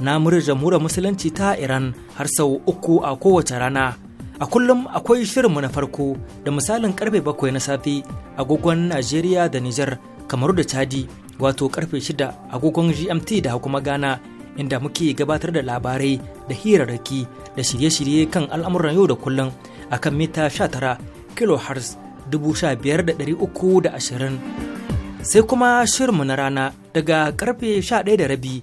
na murar jamhuriyar musulunci ta Iran har sau uku a kowace rana. A kullum akwai shirinmu na farko da misalin karfe bakwai na safe agogon Najeriya da Nijar kamar da Chadi wato karfe shida agogon GMT da kuma Ghana inda muke gabatar da labarai da hirarraki da shirye-shirye kan al'amuran yau da kullum a kan mita 19 kilohertz 15,320 sai kuma shirinmu na rana daga karfe ɗaya da rabi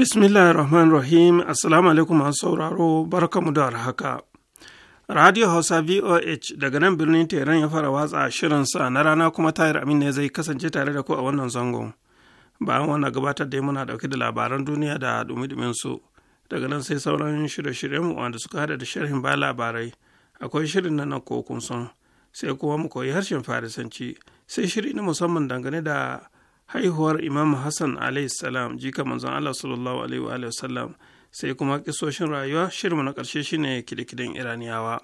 Bismillahir Rahmanir Rahim, Assalamu alaikum masu sauraro, barkamu da haka. Radio Hausa VOH daga nan birnin tehran ya fara watsa shirin sa na rana kuma tayar amin ne zai kasance tare da ku a wannan zangon. Bayan wannan gabatar da muna dauke da labaran duniya da dumi su daga nan sai sauran shirye-shiryen mu wanda suka hada da sharhin ba labarai. Akwai shirin nan na san, sai kuma mu koyi harshen Farisanci, sai shiri na musamman dangane da haihuwar imam hassan salam jika manzon allah sallallahu alaihi wa sallam sai kuma kisoshin rayuwa shirma na ƙarshe shine kidikidin iraniyawa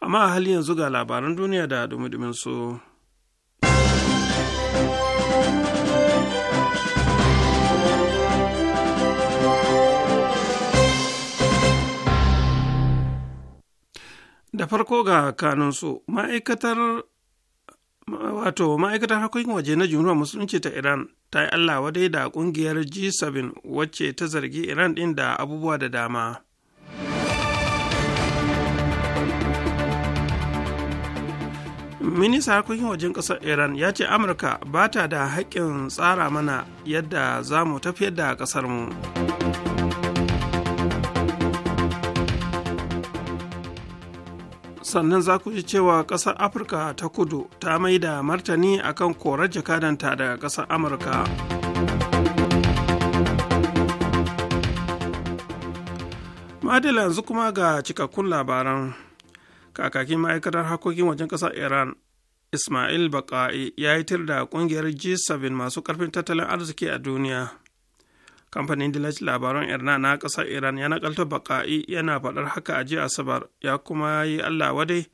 amma a hali yanzu ga labaran duniya da dumi su. da farko ga kanunsu ma'aikatar wato ma'aikatar harkokin waje na jumhuriyar musulunci ta iran ta yi allah wadai da kungiyar g7 wacce ta zargi iran din da abubuwa da dama minista harkokin wajen ƙasar iran ya ce amurka ba ta da haƙƙin tsara mana yadda za mu tafiyar da ƙasarmu mu sannan za ku ji cewa ƙasar afirka ta kudu ta mai da martani akan korar jakadanta daga ƙasar amurka madala yanzu kuma ga cikakkun labaran kakakin ma'aikatar harkokin wajen ƙasar iran ismail baka'i ya yi tir da ƙungiyar g7 masu ƙarfin tattalin arziki a duniya kamfanin dilaci labaran irna na kasar iran ya nakalta baka'i yana faɗar haka a jiya asabar ya kuma yi allah wadai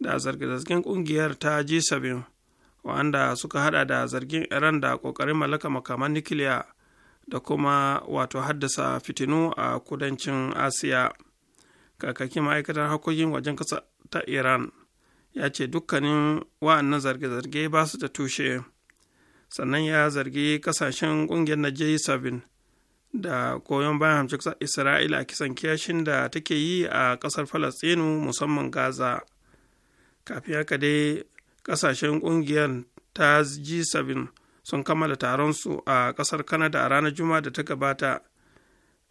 da zarge-zargen ƙungiyar ta g7 wanda suka hada da zargin iran da ƙoƙarin mallaka makaman nukiliya da kuma wato haddasa fitinu a kudancin asiya kakakin ma'aikatar harkokin wajen ƙasa ta iran ya ce dukkanin wa'annan zarge-zarge ba su da tushe sannan ya zargi kasashen ƙungiyar na j7 da koyon bayan hamshin isra'ila a kisan kiyashin da take yi a kasar falastinu musamman gaza kafin haka dai ƙasashen ƙungiyar ta g7 sun kammala taron su a ƙasar kanada a ranar juma da ta gabata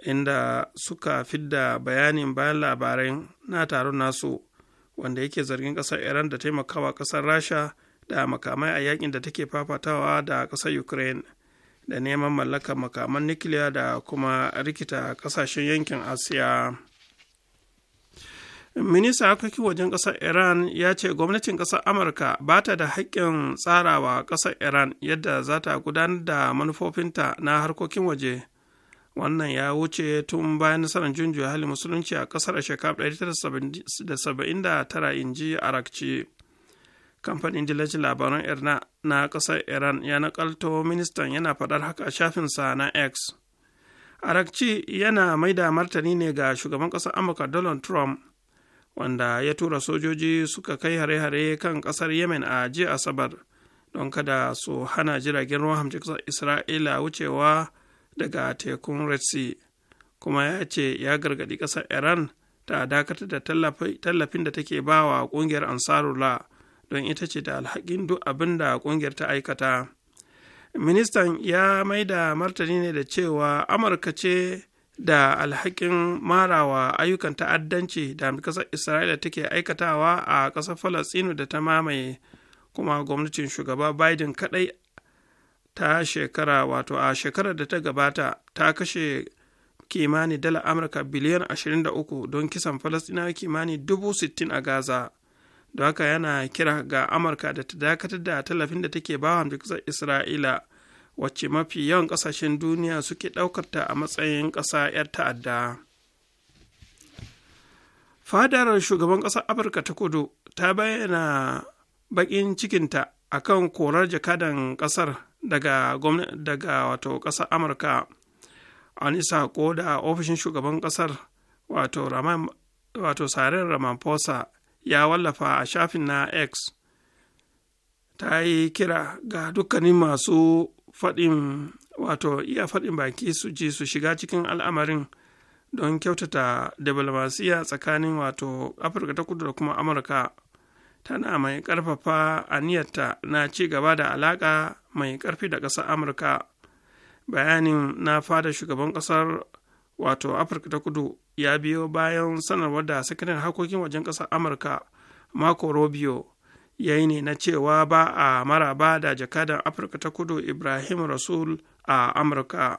inda suka fidda bayanin bayan labarai na taron nasu wanda yake zargin ƙasar iran da taimakawa ƙasar rasha da makamai a yakin da take fafatawa da ƙasar ukraine da neman mallakar makaman nukiliya da kuma rikita kasashen yankin asiya minista harkokin wajen kasar iran ya ce gwamnatin kasar amurka ba ta da haƙƙin tsarawa kasar iran yadda za ta gudanar da manufofinta na harkokin waje wannan ya wuce tun bayan nasarar junjiya hali musulunci a ƙasar shekarar 1979 inji arakci kamfanin dillacin labaran irna na ƙasar iran ya nakalto ministan yana faɗar haka shafin sa na x arakci yana mai da martani ne ga shugaban ƙasar amurka donald trump wanda ya tura sojoji suka kai hare-hare kan ƙasar yemen a jiya asabar don kada su hana jiragen ruwan ƙasar isra'ila wucewa daga tekun red sea kuma ya ce ya gargaɗi ƙasar iran ta dakatar da tallafin da take bawa ƙungiyar ansarula don ita ce da alhakin duk abin da ƙungiyar ta aikata ministan ya maida martani ne da cewa amurka ce da alhakin marawa ayyukan ta'addanci da kasar isra'ila take aikatawa a ƙasar Falasinu da ta mamaye kuma gwamnatin shugaba biden kadai ta shekara wato a shekarar da ta gabata ta kashe kimanin dala amurka biliyan 23 don kisan Falasinawa kimanin sittin a gaza don haka yana kira ga amurka da ta dakatar da tallafin da take ba wa hamdukasar isra'ila wacce mafi yawan kasashen duniya suke ɗaukarta a matsayin ƙasa 'yar ta'adda fadar shugaban ƙasar afirka ta kudu ta bayyana bakin cikinta akan korar jakadan ƙasar daga daga wato ƙasar amurka a isa da ofishin shugaban ƙasar wato wato ramaphosa ya wallafa a shafin na x ta yi kira ga dukkanin masu faɗin wato iya faɗin baki su ji su shiga cikin al'amarin don kyautata diplomasiya tsakanin wato afirka ta kudu da kuma amurka tana mai ƙarfafa aniyarta na ci gaba da alaƙa mai ƙarfi da ƙasar amurka bayanin na fada shugaban ƙasar wato afirka ta kudu ya biyo bayan sanarwar da sakataren harkokin wajen ƙasar amurka marco rubio ya yi ne na cewa ba a maraba da jakadan afirka ta kudu ibrahim rasul a amurka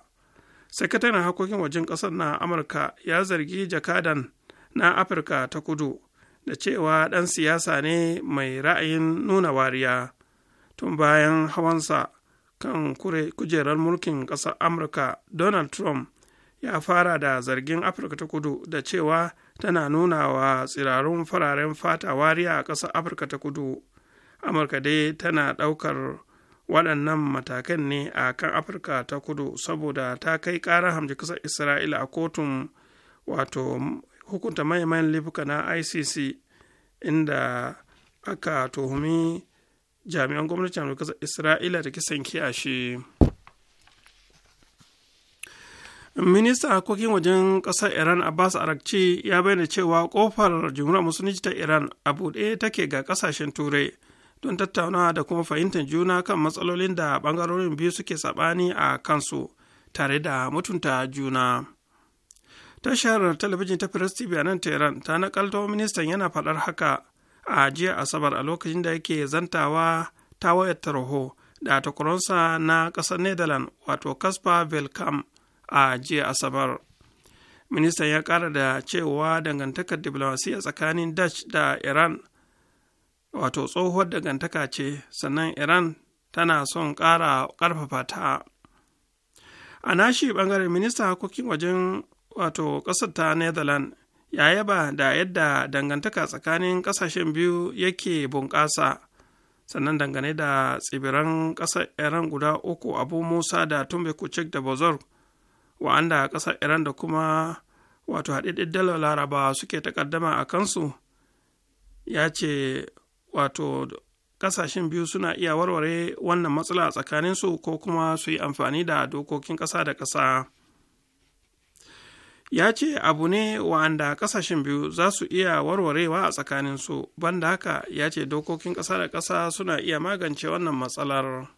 sakataren harkokin wajen ƙasar na amurka ya zargi jakadan na afirka ta kudu da cewa ɗan siyasa ne mai ra'ayin nuna wariya tun bayan hawansa kan kujerar mulkin ƙasar amurka donald trump ya fara da zargin afirka ta kudu da cewa tana nuna wa tsirarun fararen fata wariya a ƙasar afirka ta kudu amurka dai tana ɗaukar waɗannan matakan ne a kan afirka ta kudu saboda ta kai ƙara hamji ƙasar isra'ila a kotun wato hukunta mayan laifuka na icc inda aka tuhumi jami'an gwamnatin ƙasar isra'ila da kisan kiyashi. ministan harkokin wajen ƙasar iran abbas arakci ya bayyana cewa ƙofar jumhuriyar musulunci ta iran a buɗe take ga ƙasashen turai don tattaunawa da kuma fahimtar juna kan matsalolin da ɓangarorin biyu suke saɓani a kansu tare da mutunta juna tashar talabijin ta firas tv a nan tehran ta nakalto ministan yana faɗar haka a jiya asabar a lokacin da yake zantawa ta wayar tarho da takwaronsa na ƙasar netherlands wato kaspa Velkamp. a jiya asabar ministan ya ƙara da cewa dangantakar diplomasiya tsakanin dutch da iran wato tsohuwar dangantaka ce sannan iran tana son kara ƙarfafa ta a nashi ɓangaren minista harkokin wajen wato kasar ta netherlands ya yaba da yadda dangantaka tsakanin ƙasashen biyu yake bunƙasa sannan dangane da tsibiran ƙasar iran guda uku abu musa da tumbe kucik da bozor wa'anda ƙasar iran da kuma wato haɗaɗɗen dalar laraba suke takaddama a kansu ya ce wato ƙasashen biyu suna iya warware wannan matsala a tsakaninsu ko kuma su yi amfani da dokokin ƙasa da ƙasa ya ce abu ne wa'anda ƙasashen biyu za su iya warwarewa a tsakaninsu banda haka ya ce dokokin ƙasa da ƙasa suna iya magance wannan matsalar.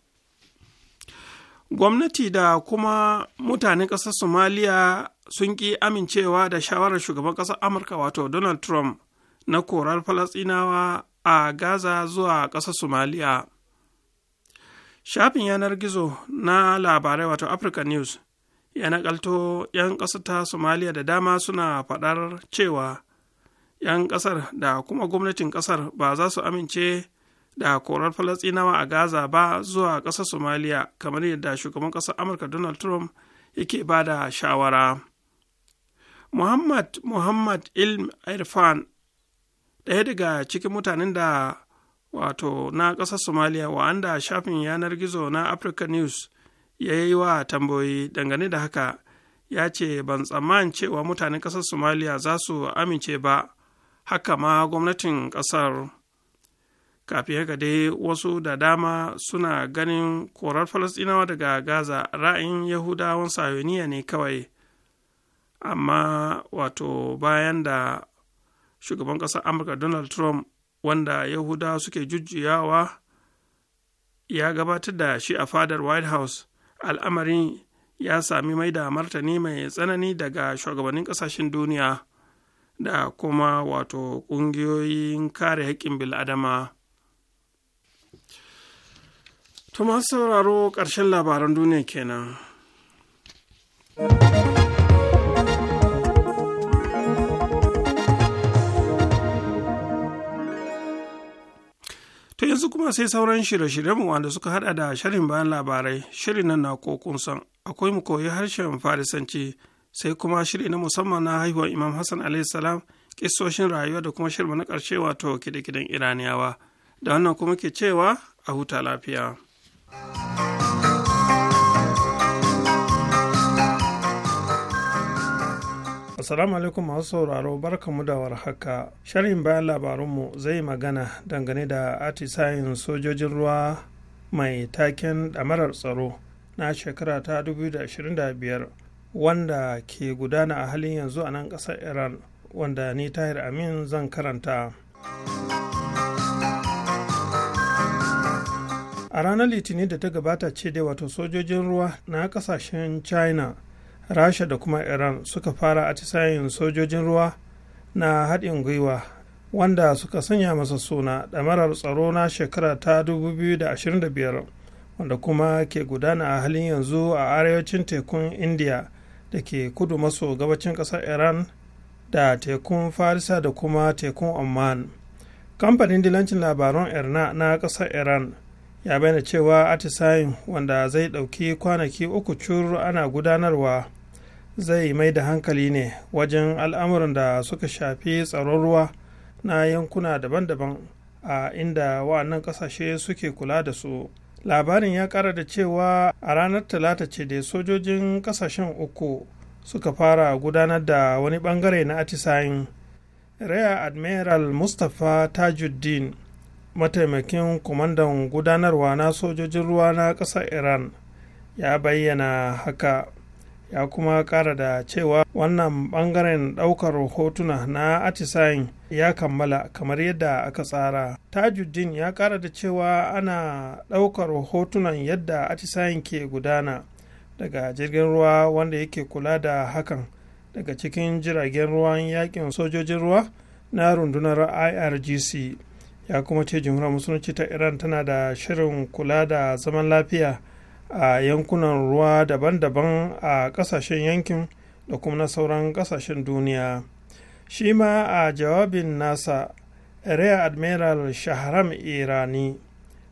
gwamnati da kuma mutanen ƙasar somaliya sun ƙi amincewa da shawarar shugaban ƙasar amurka wato donald trump na korar falasinawa a gaza zuwa ƙasar somaliya shafin yanar gizo na labarai wato africa news ya nakalto 'yan ƙasar ta somaliya da dama suna faɗar cewa 'yan ƙasar da kuma gwamnatin ƙasar ba za su amince da korar falasinawa a gaza ba zuwa ƙasar somaliya kamar yadda shugaban ƙasar amurka donald trump yake ba da shawara muhammad muhammad ilm irfan ɗaya daga cikin mutanen da wato na ƙasar somaliya wa'anda shafin yanar gizo na africa news ya yi wa tambayoyi dangane da haka ya ce ban tsammanin cewa mutanen ƙasar somaliya za su amince ba haka ma gwamnatin ƙasar kafin haka dai wasu da dama suna ganin korar falasɗinawa daga gaza ra'ayin yahudawan sayoniya ne kawai amma wato bayan da shugaban ƙasar amurka donald trump wanda yahudawa suke jujjuyawa ya gabatar da shi a fadar white house al'amarin ya sami mai da martani mai tsanani daga shugabannin ƙasashen duniya da kuma wato ƙungiyoyin kare haƙƙin bil'adama To masu sauraro ƙarshen labaran duniya kenan. To yanzu kuma sai sauran shirye-shiryenmu wanda suka hada da shirin bayan labarai, shirin nan na kokun san, akwai mu koyi harshen Farisanci, sai kuma shiri na musamman na haihuwar Imam Hassan salam kistoshin rayuwa da kuma shirma na ƙarshe wato kide-kiden Iraniyawa. Da wannan kuma ke cewa a huta lafiya. Assalamu alaikum masu sauraro barkamu da warhaka. Sharhin bayan labarunmu zai magana dangane da atisayin sojojin ruwa mai taken ɗamarar tsaro na shekara ta 2025 wanda ke gudana a halin yanzu a nan ƙasar Iran wanda ni Tahir Amin zan karanta. a ranar litinin da ta gabata ce dai wato sojojin ruwa na kasashen china rasha da kuma iran suka fara atisayen sojojin ruwa na haɗin gwiwa wanda suka sanya masa suna ɗamarar tsaro na shekara ta 2025 wanda kuma ke gudana a halin yanzu a arewacin tekun india da ke kudu maso gabacin ƙasar iran da tekun farisa da kuma tekun oman kamfanin dilancin labaran irna na ƙasar iran ya bayyana cewa atisayin wanda zai ɗauki kwanaki uku cur ana gudanarwa zai mai da hankali ne wajen al'amuran da suka shafi tsaron ruwa na yankuna daban-daban a inda wa'annan ƙasashe suke kula da su labarin ya ƙara da cewa a ranar talata ce da sojojin ƙasashen uku suka fara gudanar da wani ɓangare na atisayin rear admiral mustapha tajuddin mataimakin kwamandan gudanarwa na sojojin ruwa na ƙasar iran ya bayyana haka ya kuma ƙara da cewa wannan ɓangaren ɗaukar hotuna na atisayin ya kammala kamar yadda aka tsara tajuddin ya ƙara da cewa ana ɗaukar hotunan yadda atisayin ke gudana daga jirgin ruwa wanda yake kula da hakan daga cikin jiragen ruwan yakin sojojin ruwa na rundunar irgc ya kuma ce jamhuriyar musulunci ta iran tana da shirin kula da zaman lafiya a yankunan ruwa daban-daban a kasashen yankin da kuma na sauran kasashen duniya shi ma a jawabin nasa rear admiral shahram irani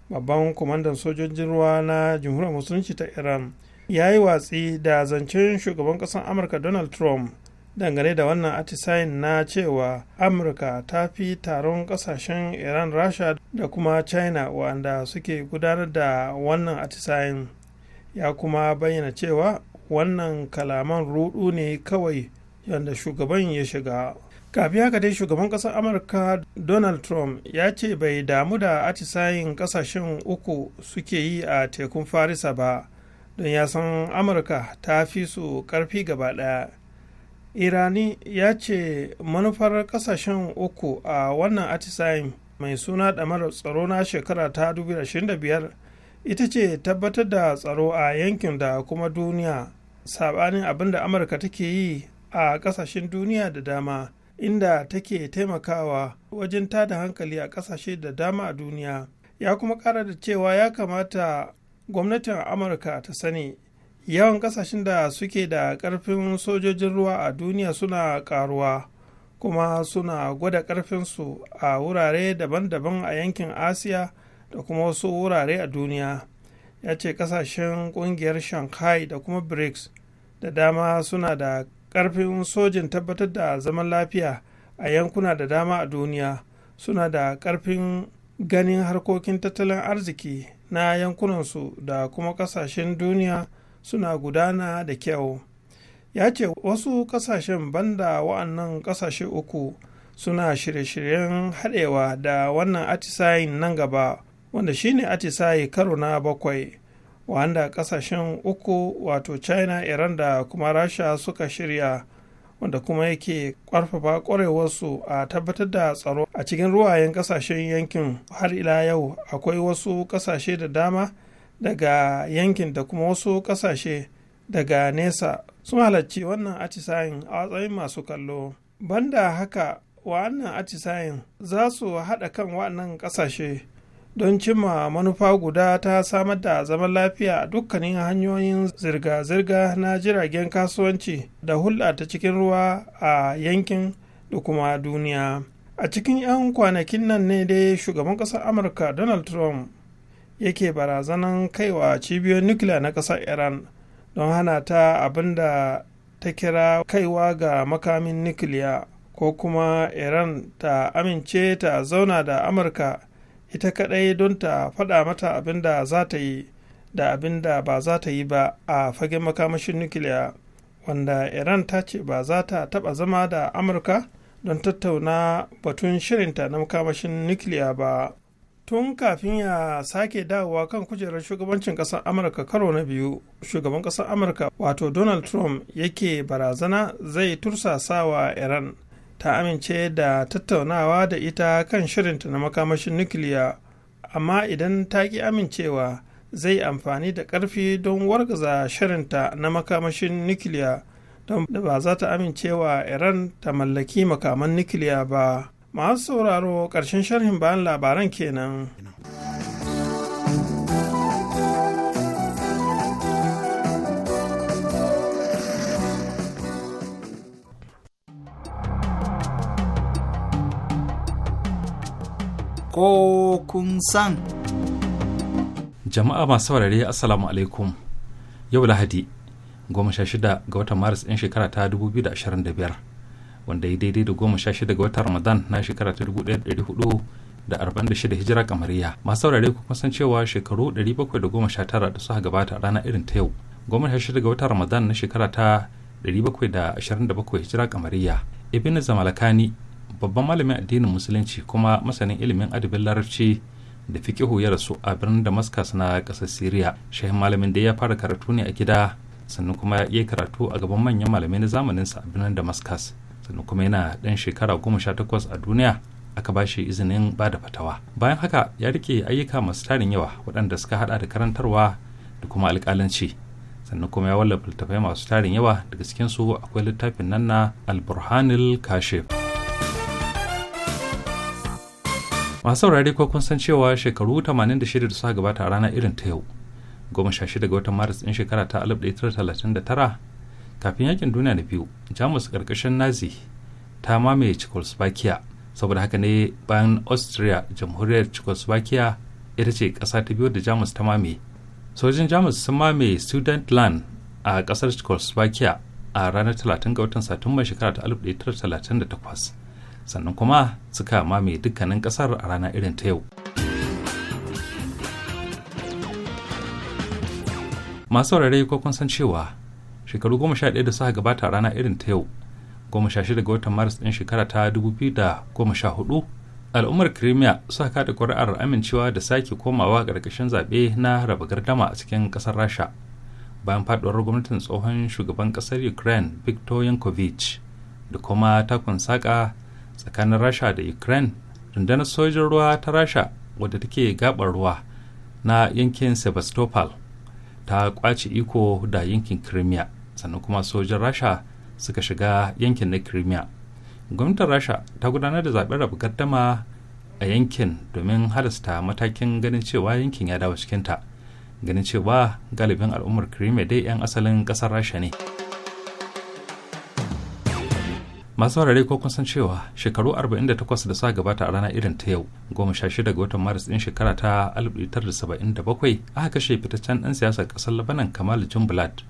babban kwamandan sojojin ruwa na jamhuriyar musulunci ta iran ya yi watsi da zancen shugaban ƙasar amurka donald trump dangane da wannan atisayin na cewa amurka ta fi taron kasashen iran rasha da kuma china wanda suke gudanar da wannan atisayin ya kuma bayyana cewa wannan kalaman rudu ne kawai yadda shugaban ya shiga kafin haka dai shugaban kasar amurka donald trump ya ce bai damu da atisayin ƙasashen uku suke yi a tekun farisa ba don ya san amurka ta fi su ƙarfi gaba ɗaya irani ya ce manufar kasashen uku a wannan atisayin mai suna ɗamarar tsaro na shekara ta 2025 ita ce tabbatar da tsaro a yankin da kuma duniya saɓanin abin da amurka take yi a ƙasashen duniya da dama inda take taimakawa wajen tada hankali a ƙasashe da dama a duniya ya kuma ƙara da cewa ya kamata gwamnatin amurka ta sani yawan kasashen da suke da karfin sojojin ruwa a duniya suna karuwa kuma suna gwada karfinsu a wurare daban-daban a yankin asiya da kuma wasu wurare a duniya ya ce kasashen kungiyar shanghai da kuma brics da dama suna da karfin sojin tabbatar da zaman lafiya a yankuna da dama a duniya suna da karfin ganin harkokin tattalin arziki na yankunansu da kuma kasashen duniya suna gudana da kyau ya ce wasu kasashen banda wa'annan kasashe uku suna shirye-shiryen haɗewa da wannan atisayin nan gaba wanda shine atisayi karo na bakwai wanda kasashen uku wato china iran da kuma rasha suka shirya wanda kuma yake ƙarfafa ƙwarewarsu a tabbatar da tsaro a cikin ruwayen kasashen yankin har ila yau akwai wasu kasashe da dama daga yankin da kuma wasu ƙasashe daga nesa sun halarci wannan atisayin a matsayin masu kallo banda haka wa'annan atisayin za su haɗa kan wa'annan ƙasashe don cimma manufa guda ta samar da zaman lafiya a dukkanin hanyoyin zirga-zirga na jiragen kasuwanci da hulɗa ta cikin ruwa a yankin da kuma duniya a cikin 'yan kwanakin nan ne dai shugaban ƙasar amurka donald trump yake barazanan kaiwa cibiyoyin nukiliya na ƙasar iran don hana ta abin da ta kira kaiwa ga makamin nukiliya ko kuma iran ta amince ta zauna da amurka ita kadai don ta fada mata abin da za ta yi da abin da ba za ta yi ba a fagen makamashin nukiliya wanda iran ta ce ba za ta taba zama da amurka don tattauna batun shirinta na makamashin nukiliya ba tun kafin ya sake dawowa kan kujerar shugabancin ƙasar amurka karo na biyu shugaban ƙasar amurka wato donald trump yake barazana zai tursasa wa iran ta amince da tattaunawa da ita kan shirinta na makamashin nukiliya amma idan ta ki amincewa zai amfani da ƙarfi don wargaza shirinta na makamashin nukiliya don da ba za ta amincewa iran ta mallaki makaman nukiliya ba masu sauraro ƙarshen sharhin bayan labaran kenan. Ko kun san. Jama'a masu saurari Assalamu alaikum. Yau Lahadi, goma sha shida ga watan Maris ɗin shekara ta 2025. wanda ya daidai da goma sha shida ga watan ramadan na shekara ta dubu ɗaya ɗari hudu da arba'in da shida hijira kamariya masu saurare kuma san cewa shekaru ɗari bakwai da goma sha tara da suka gabata a rana irin ta yau goma sha shida ga watan ramadan na shekara ta ɗari bakwai da ashirin da bakwai hijira kamariya ibn zamalakani babban malamin addinin musulunci kuma masanin ilimin adabin larabci da fiqihu ya rasu a birnin damascus na ƙasar syria shehin malamin da ya fara karatu ne a gida sannan kuma ya karatu a gaban manyan malamai na zamaninsa a birnin damascus sannan kuma yana ɗan shekara goma sha takwas a duniya aka ba shi izinin ba da fatawa bayan haka ya rike ayyuka masu tarin yawa waɗanda suka haɗa da karantarwa da kuma alƙalanci sannan kuma ya wallafa littattafai masu tarin yawa daga su akwai littafin nan na alburhanil kashif masu saurari ko kun san cewa shekaru 86 da suka gabata a ranar irin ta yau goma sha shida ga watan maris ɗin shekara ta 1939 kafin yakin duniya na biyu jamus karkashin nazi ta mamaye czechoslovakia saboda haka ne bayan austria jamhuriyar czechoslovakia ita ce ƙasa ta biyu da jamus ta mamaye sojin jamus sun mamaye land a kasar czechoslovakia a ranar 30 ga watan satumba shekara ta 1938 sannan kuma suka mamaye dukkanin ƙasar a rana irin ta yau masu saurare ko kun san cewa shekaru goma sha ɗaya da suka gabata rana irin ta yau goma sha shida ga watan maris ɗin shekara ta dubu biyu da goma sha hudu al'ummar kirimiya suka kada kuri'ar amincewa da sake komawa ƙarƙashin zaɓe na raba gardama a cikin ƙasar rasha bayan faɗuwar gwamnatin tsohon shugaban ƙasar ukraine viktor yankovic da kuma takun saƙa tsakanin rasha da ukraine rundunar sojin ruwa ta rasha wadda take gabar ruwa na yankin sebastopol ta kwace iko da yankin crimea sannan kuma sojin rasha suka shiga yankin na crimea gwamnatin rasha ta gudanar da zaben rabu gaddama a yankin domin halasta matakin ganin cewa yankin ya dawo cikinta ganin cewa galibin al'ummar crimea dai 'yan asalin kasar rasha ne masu saurare ko kun san cewa shekaru 48 da sa gabata a rana irin ta yau 16 ga watan maris din shekara ta 1977 aka kashe fitaccen dan siyasar kasar labanan kamal jumblad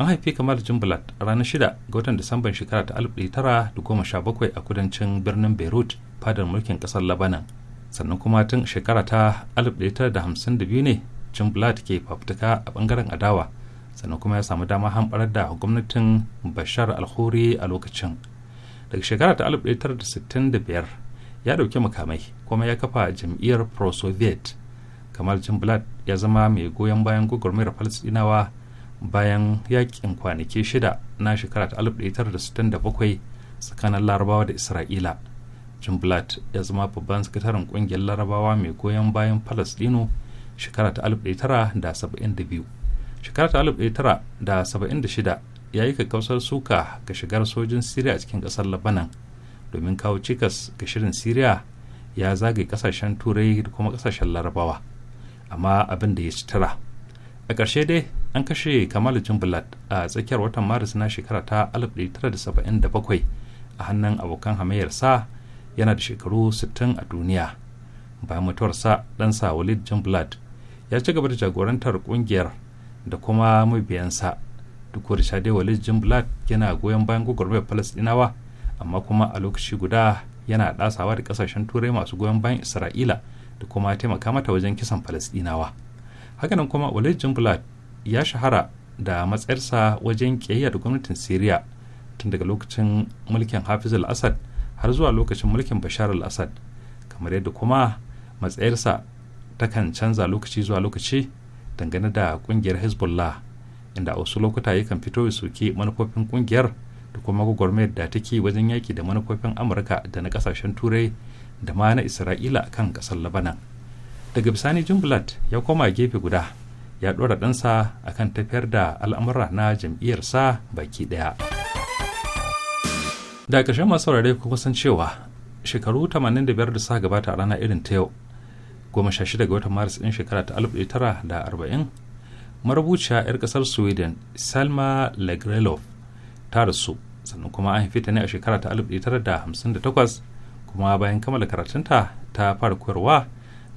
an haifi kamal jimbalat a ranar shida ga watan disamban shekara ta tara da goma sha bakwai a kudancin birnin beirut fadar mulkin kasar labanan sannan kuma tun shekara ta tara da da hamsin biyu ne jimbalat ke fafutuka a bangaren adawa sannan kuma ya samu dama hamɓarar da gwamnatin bashar alhuri a lokacin daga shekara ta tara da da sittin biyar ya ɗauki makamai kuma ya kafa jam'iyyar pro-soviet kamal jimbalat ya zama mai goyon bayan gwagwarmayar falastinawa bayan yakin kwanaki shida na shekara ta 1967 tsakanin larabawa da isra'ila jim blatt ya zama babban sakataren kungiyar larabawa mai goyon bayan palestino shekara ta 1972 shekara ta 1976 ya yi kakkausar suka ga shigar sojin siriya a cikin kasar labanan domin kawo cikas ga shirin siriya ya zagaye kasashen turai da kuma kasashen larabawa amma abin da ya ci tara a ƙarshe dai an kashe kamalu jimbulat a tsakiyar watan maris na shekara ta 1977 a hannun abokan sa yana da shekaru 60 a duniya bayan mutuwarsa ɗansa walid jimbulat ya ci gaba da jagorantar kungiyar da kuma mabiyansa duk da shade walid jimbulat yana goyon bayan gwagwarmayar palestinawa amma kuma a lokaci guda yana ɗasawa da ƙasashen turai masu goyon bayan isra'ila da kuma taimaka mata wajen kisan palestinawa hakanan kuma walid jimbulat ya shahara da matsayarsa wajen ƙiyayya da gwamnatin siriya tun daga lokacin mulkin hafiz al-assad har zuwa lokacin mulkin bashar al-assad kamar yadda kuma matsayarsa takan canza lokaci zuwa lokaci dangane da kungiyar hezbollah inda a wasu lokuta ya kan fito ya soke manufofin kungiyar da kuma gwagwarmayar da take wajen yaki da manufofin amurka da na kasashen turai da ma na isra'ila kan kasar labanan daga bisani jumblat ya koma gefe guda ya ɗora ɗansa kan tafiyar da al'amura na jam'iyyarsa baki ɗaya. Da ƙarshen masu saurare kuma san cewa shekaru 85 da suka gabata a rana irin ta yau, goma sha shida ga watan Maris ɗin shekara ta arba'in marubuciya 'yar ƙasar Sweden Salma Lagerlöf ta rasu sannan kuma an haife ta ne a shekara ta 1958 kuma bayan kammala karatunta ta fara koyarwa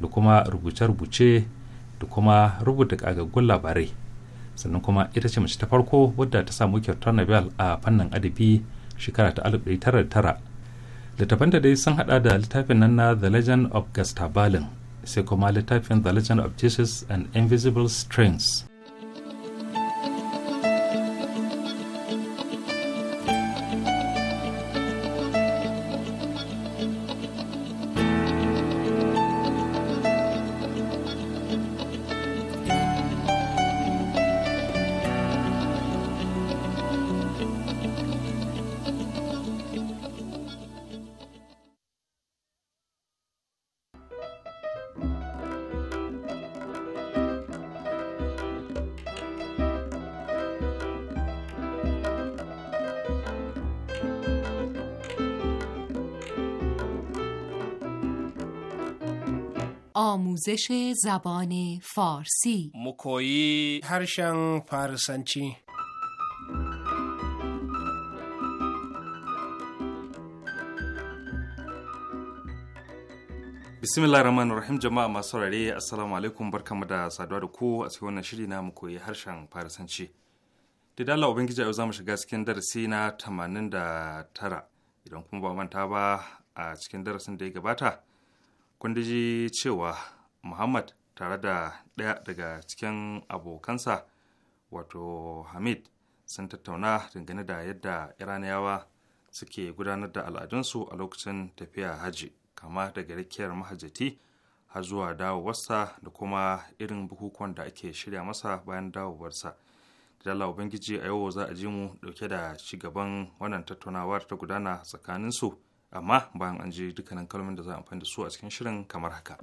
da kuma rubuce-rubuce da kuma rubuta ƙagaggun labarai sannan kuma ita ce mace ta farko wadda ta samu kyautar nobel a fannin adabi shekara ta 1909 da dai sun haɗa da littafin nan na the legend of gustav sai kuma littafin the legend of jesus and invisible strings آموزش زبان فارسی مکویی هرشن فارسنچی bismillah rahman rahim jama'a masu saurari assalamu alaikum barkamu da saduwa da ku a cikin wannan shiri na mu koyi harshen farisanci da dala ubangiji yau zamu shiga cikin darasi na 89 idan kuma ba manta ba a cikin darasin da ya gabata kun ji cewa muhammad tare da ɗaya daga cikin abokansa wato hamid sun tattauna dangane da yadda iraniyawa suke gudanar da al'adunsu a lokacin tafiya haji kama daga rikiyar mahajjati har zuwa dawowarsa da kuma irin bukukuwan da ake shirya masa bayan dawowarsa da dala ubangiji a yau za a ji mu dauke da gaban wannan tattaunawar ta gudana tsakaninsu amma bayan an je dukkanin kalmomin da za a amfani da su a cikin shirin kamar haka.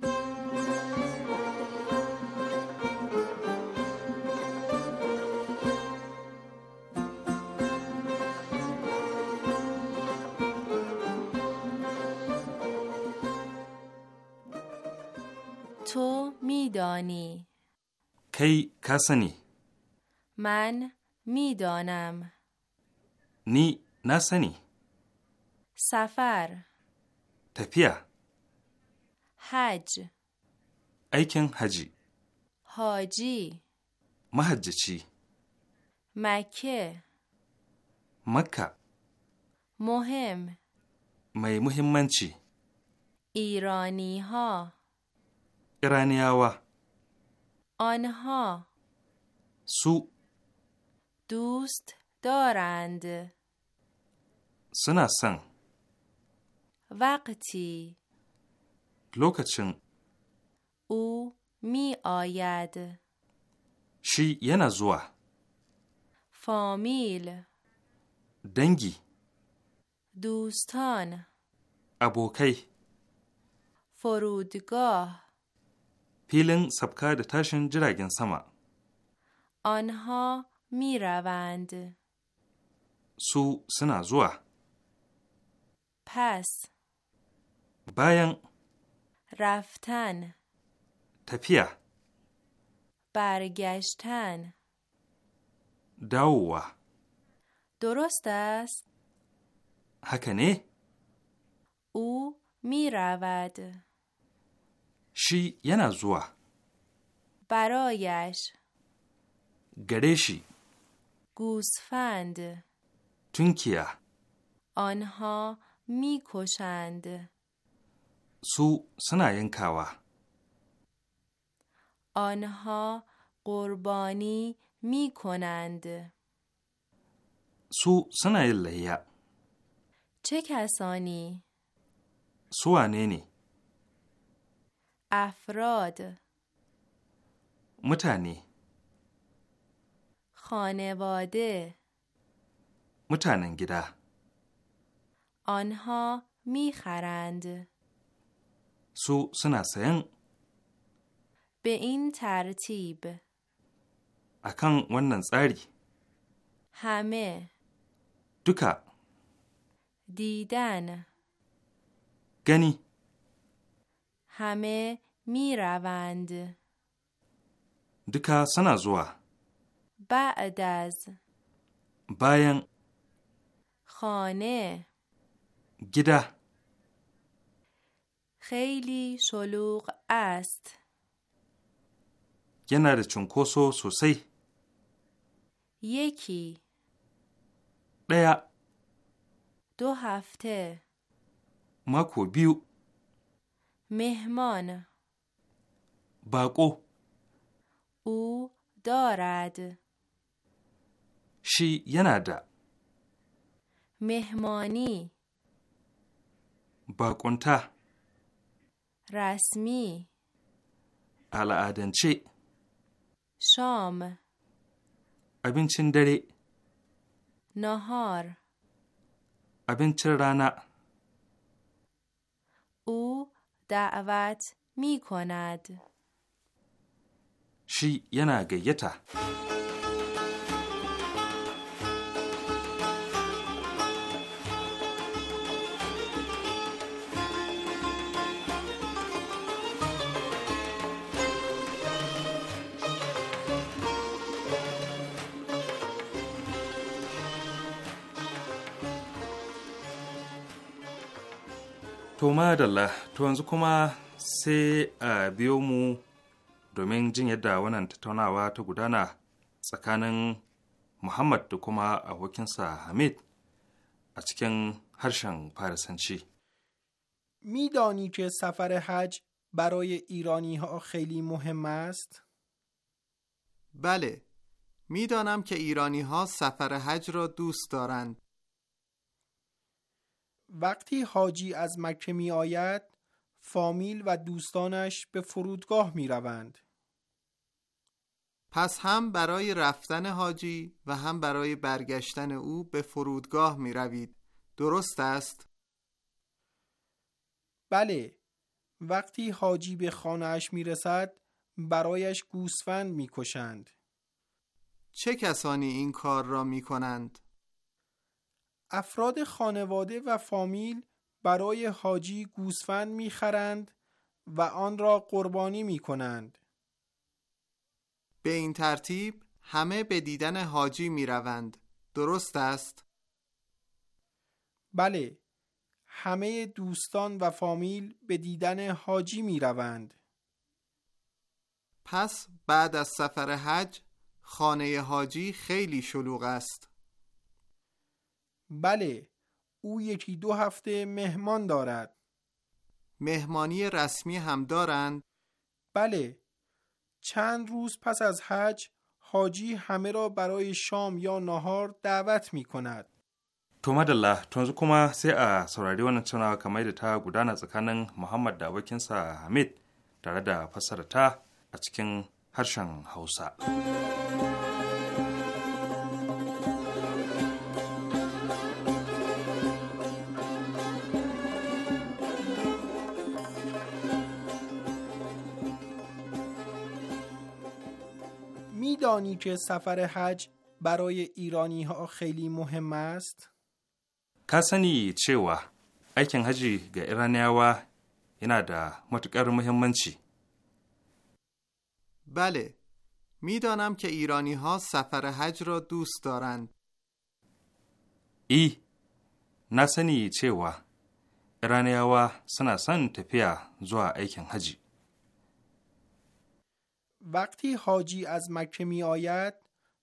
تو میدانی کی کسنی من میدانم نی sani. Safar. Tafiya. حج aikin haji haji mahajjaci make makka muhim mai muhimmanci irani ha iraniyawa آنها سو دوست دارند وقتی لوکچن او می آید شی ینا زوا فامیل دنگی دوستان ابوکی فرودگاه پیلن سبکه ده تشن جرگن سما آنها می روند سو سنا زوا پس بایان رفتن تپیه برگشتن داوه درست است؟ هکنه او می رود شی یه نزوه برایش گریشی گوسفند تونکیه آنها می کشند سو سنا آنها قربانی می کنند سو سنا لیا چه کسانی؟ سوانینی افراد متنی خانواده متانن گیده آنها میخرند su suna sayan bin tartib a kan wannan tsari hame duka didan gani hame miravand duka suna zuwa ba adaz bayan Hone. gida خیلی شلوغ است. یه نره چون کسو سوسی یکی دیا دو هفته ماکو بیو مهمان باقو او دارد شی نده مهمانی باقونتا رسمی الادن چی؟ شام ابین چین دری؟ نهار ابین چر رانا؟ او دعوت می کند شی یه نگه To madalla, to yanzu kuma sai a biyo mu domin jin yadda wannan tattaunawa ta gudana tsakanin Muhammad da kuma abokinsa Hamid a cikin harshen Farisanci. میدانی ke سفر حج برای ایرانی ها خیلی مهم است؟ بله میدانم که ایرانی ها سفر حج را دوست دارند وقتی حاجی از مکه می آید فامیل و دوستانش به فرودگاه می روند. پس هم برای رفتن حاجی و هم برای برگشتن او به فرودگاه می روید. درست است؟ بله وقتی حاجی به خانهش می رسد برایش گوسفند می کشند. چه کسانی این کار را می کنند؟ افراد خانواده و فامیل برای حاجی گوسفند میخرند و آن را قربانی می کنند. به این ترتیب همه به دیدن حاجی می روند. درست است؟ بله همه دوستان و فامیل به دیدن حاجی می روند. پس بعد از سفر حج خانه حاجی خیلی شلوغ است. بله او یکی دو هفته مهمان دارد مهمانی رسمی هم دارند؟ بله چند روز پس از حج حاجی همه را برای شام یا دعوت می کند To madalla tunzu kuma sai a saurari wannan tunawa kamar da ta gudana tsakanin Muhammad da abokinsa Hamid tare da fassara ta a cikin harshen Hausa. میدانی که سفر حج برای ایرانی ها خیلی مهم است؟ کسانی چه و ایکن حجی گه ایرانی ها اینا دا متقر مهمنچی بله میدانم که ایرانی ها سفر حج را دوست دارند ای نسانی چه و ایرانی ها سنسان تپیا زوا ایکن حجی وقتی حاجی از مکه می آید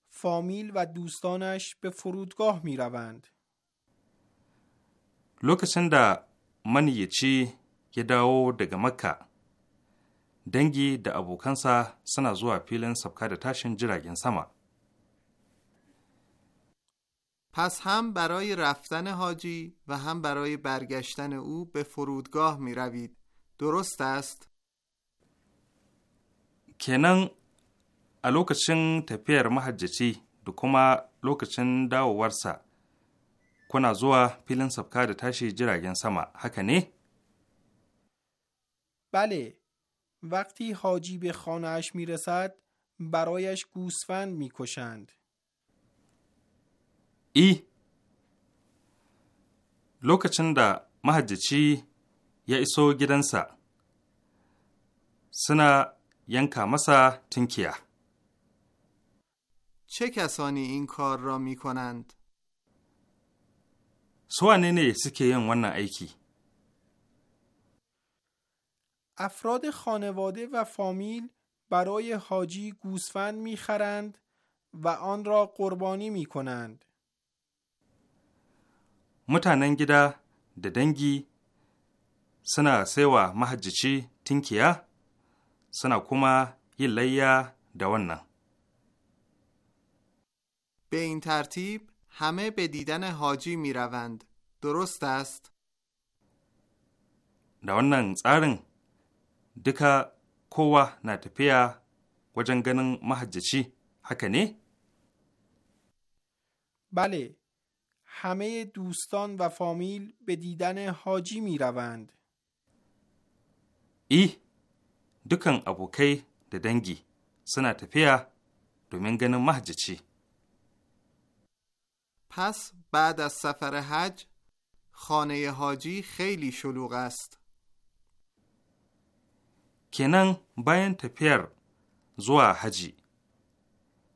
فامیل و دوستانش به فرودگاه می روند. لوکسن دا منیچی یه داو دگا مکه دا ابو کنسا سنا زوا filin سبکا دا تاشن سما. پس هم برای رفتن حاجی و هم برای برگشتن او به فرودگاه می روید. درست است؟ kenan a lokacin tafiyar mahajjaci da kuma lokacin dawowarsa kuna zuwa filin sabka da tashi jiragen sama haka ne بله وقتی حاجی به خانهاش میرسد برایش گوسفند میکشند ای لوکچن دا مهجچی یا ایسو گیدنسا سنا ینکا مسا تینکیا چه کسانی این کار را می کنند؟ سوانه نه ین ایکی افراد خانواده و فامیل برای حاجی گوسفند میخرند و آن را قربانی می کنند. متانن گیدا da dangi suna saiwa mahajjici suna kuma yin layya da wannan. به این ترتیب همه به دیدن حاجی می روند. درست است؟ da wannan tsarin duka kowa na tafiya wajen ganin mahajjaci haka ne? Bale همه دوستان و فامیل به دیدن حاجی می روند. dukan abokai da dangi suna tafiya domin ganin mahajjaci. پس بعد از سفر حج خانه حاجی خیلی شلوغ است. کنن باین تپیر زوا حجی.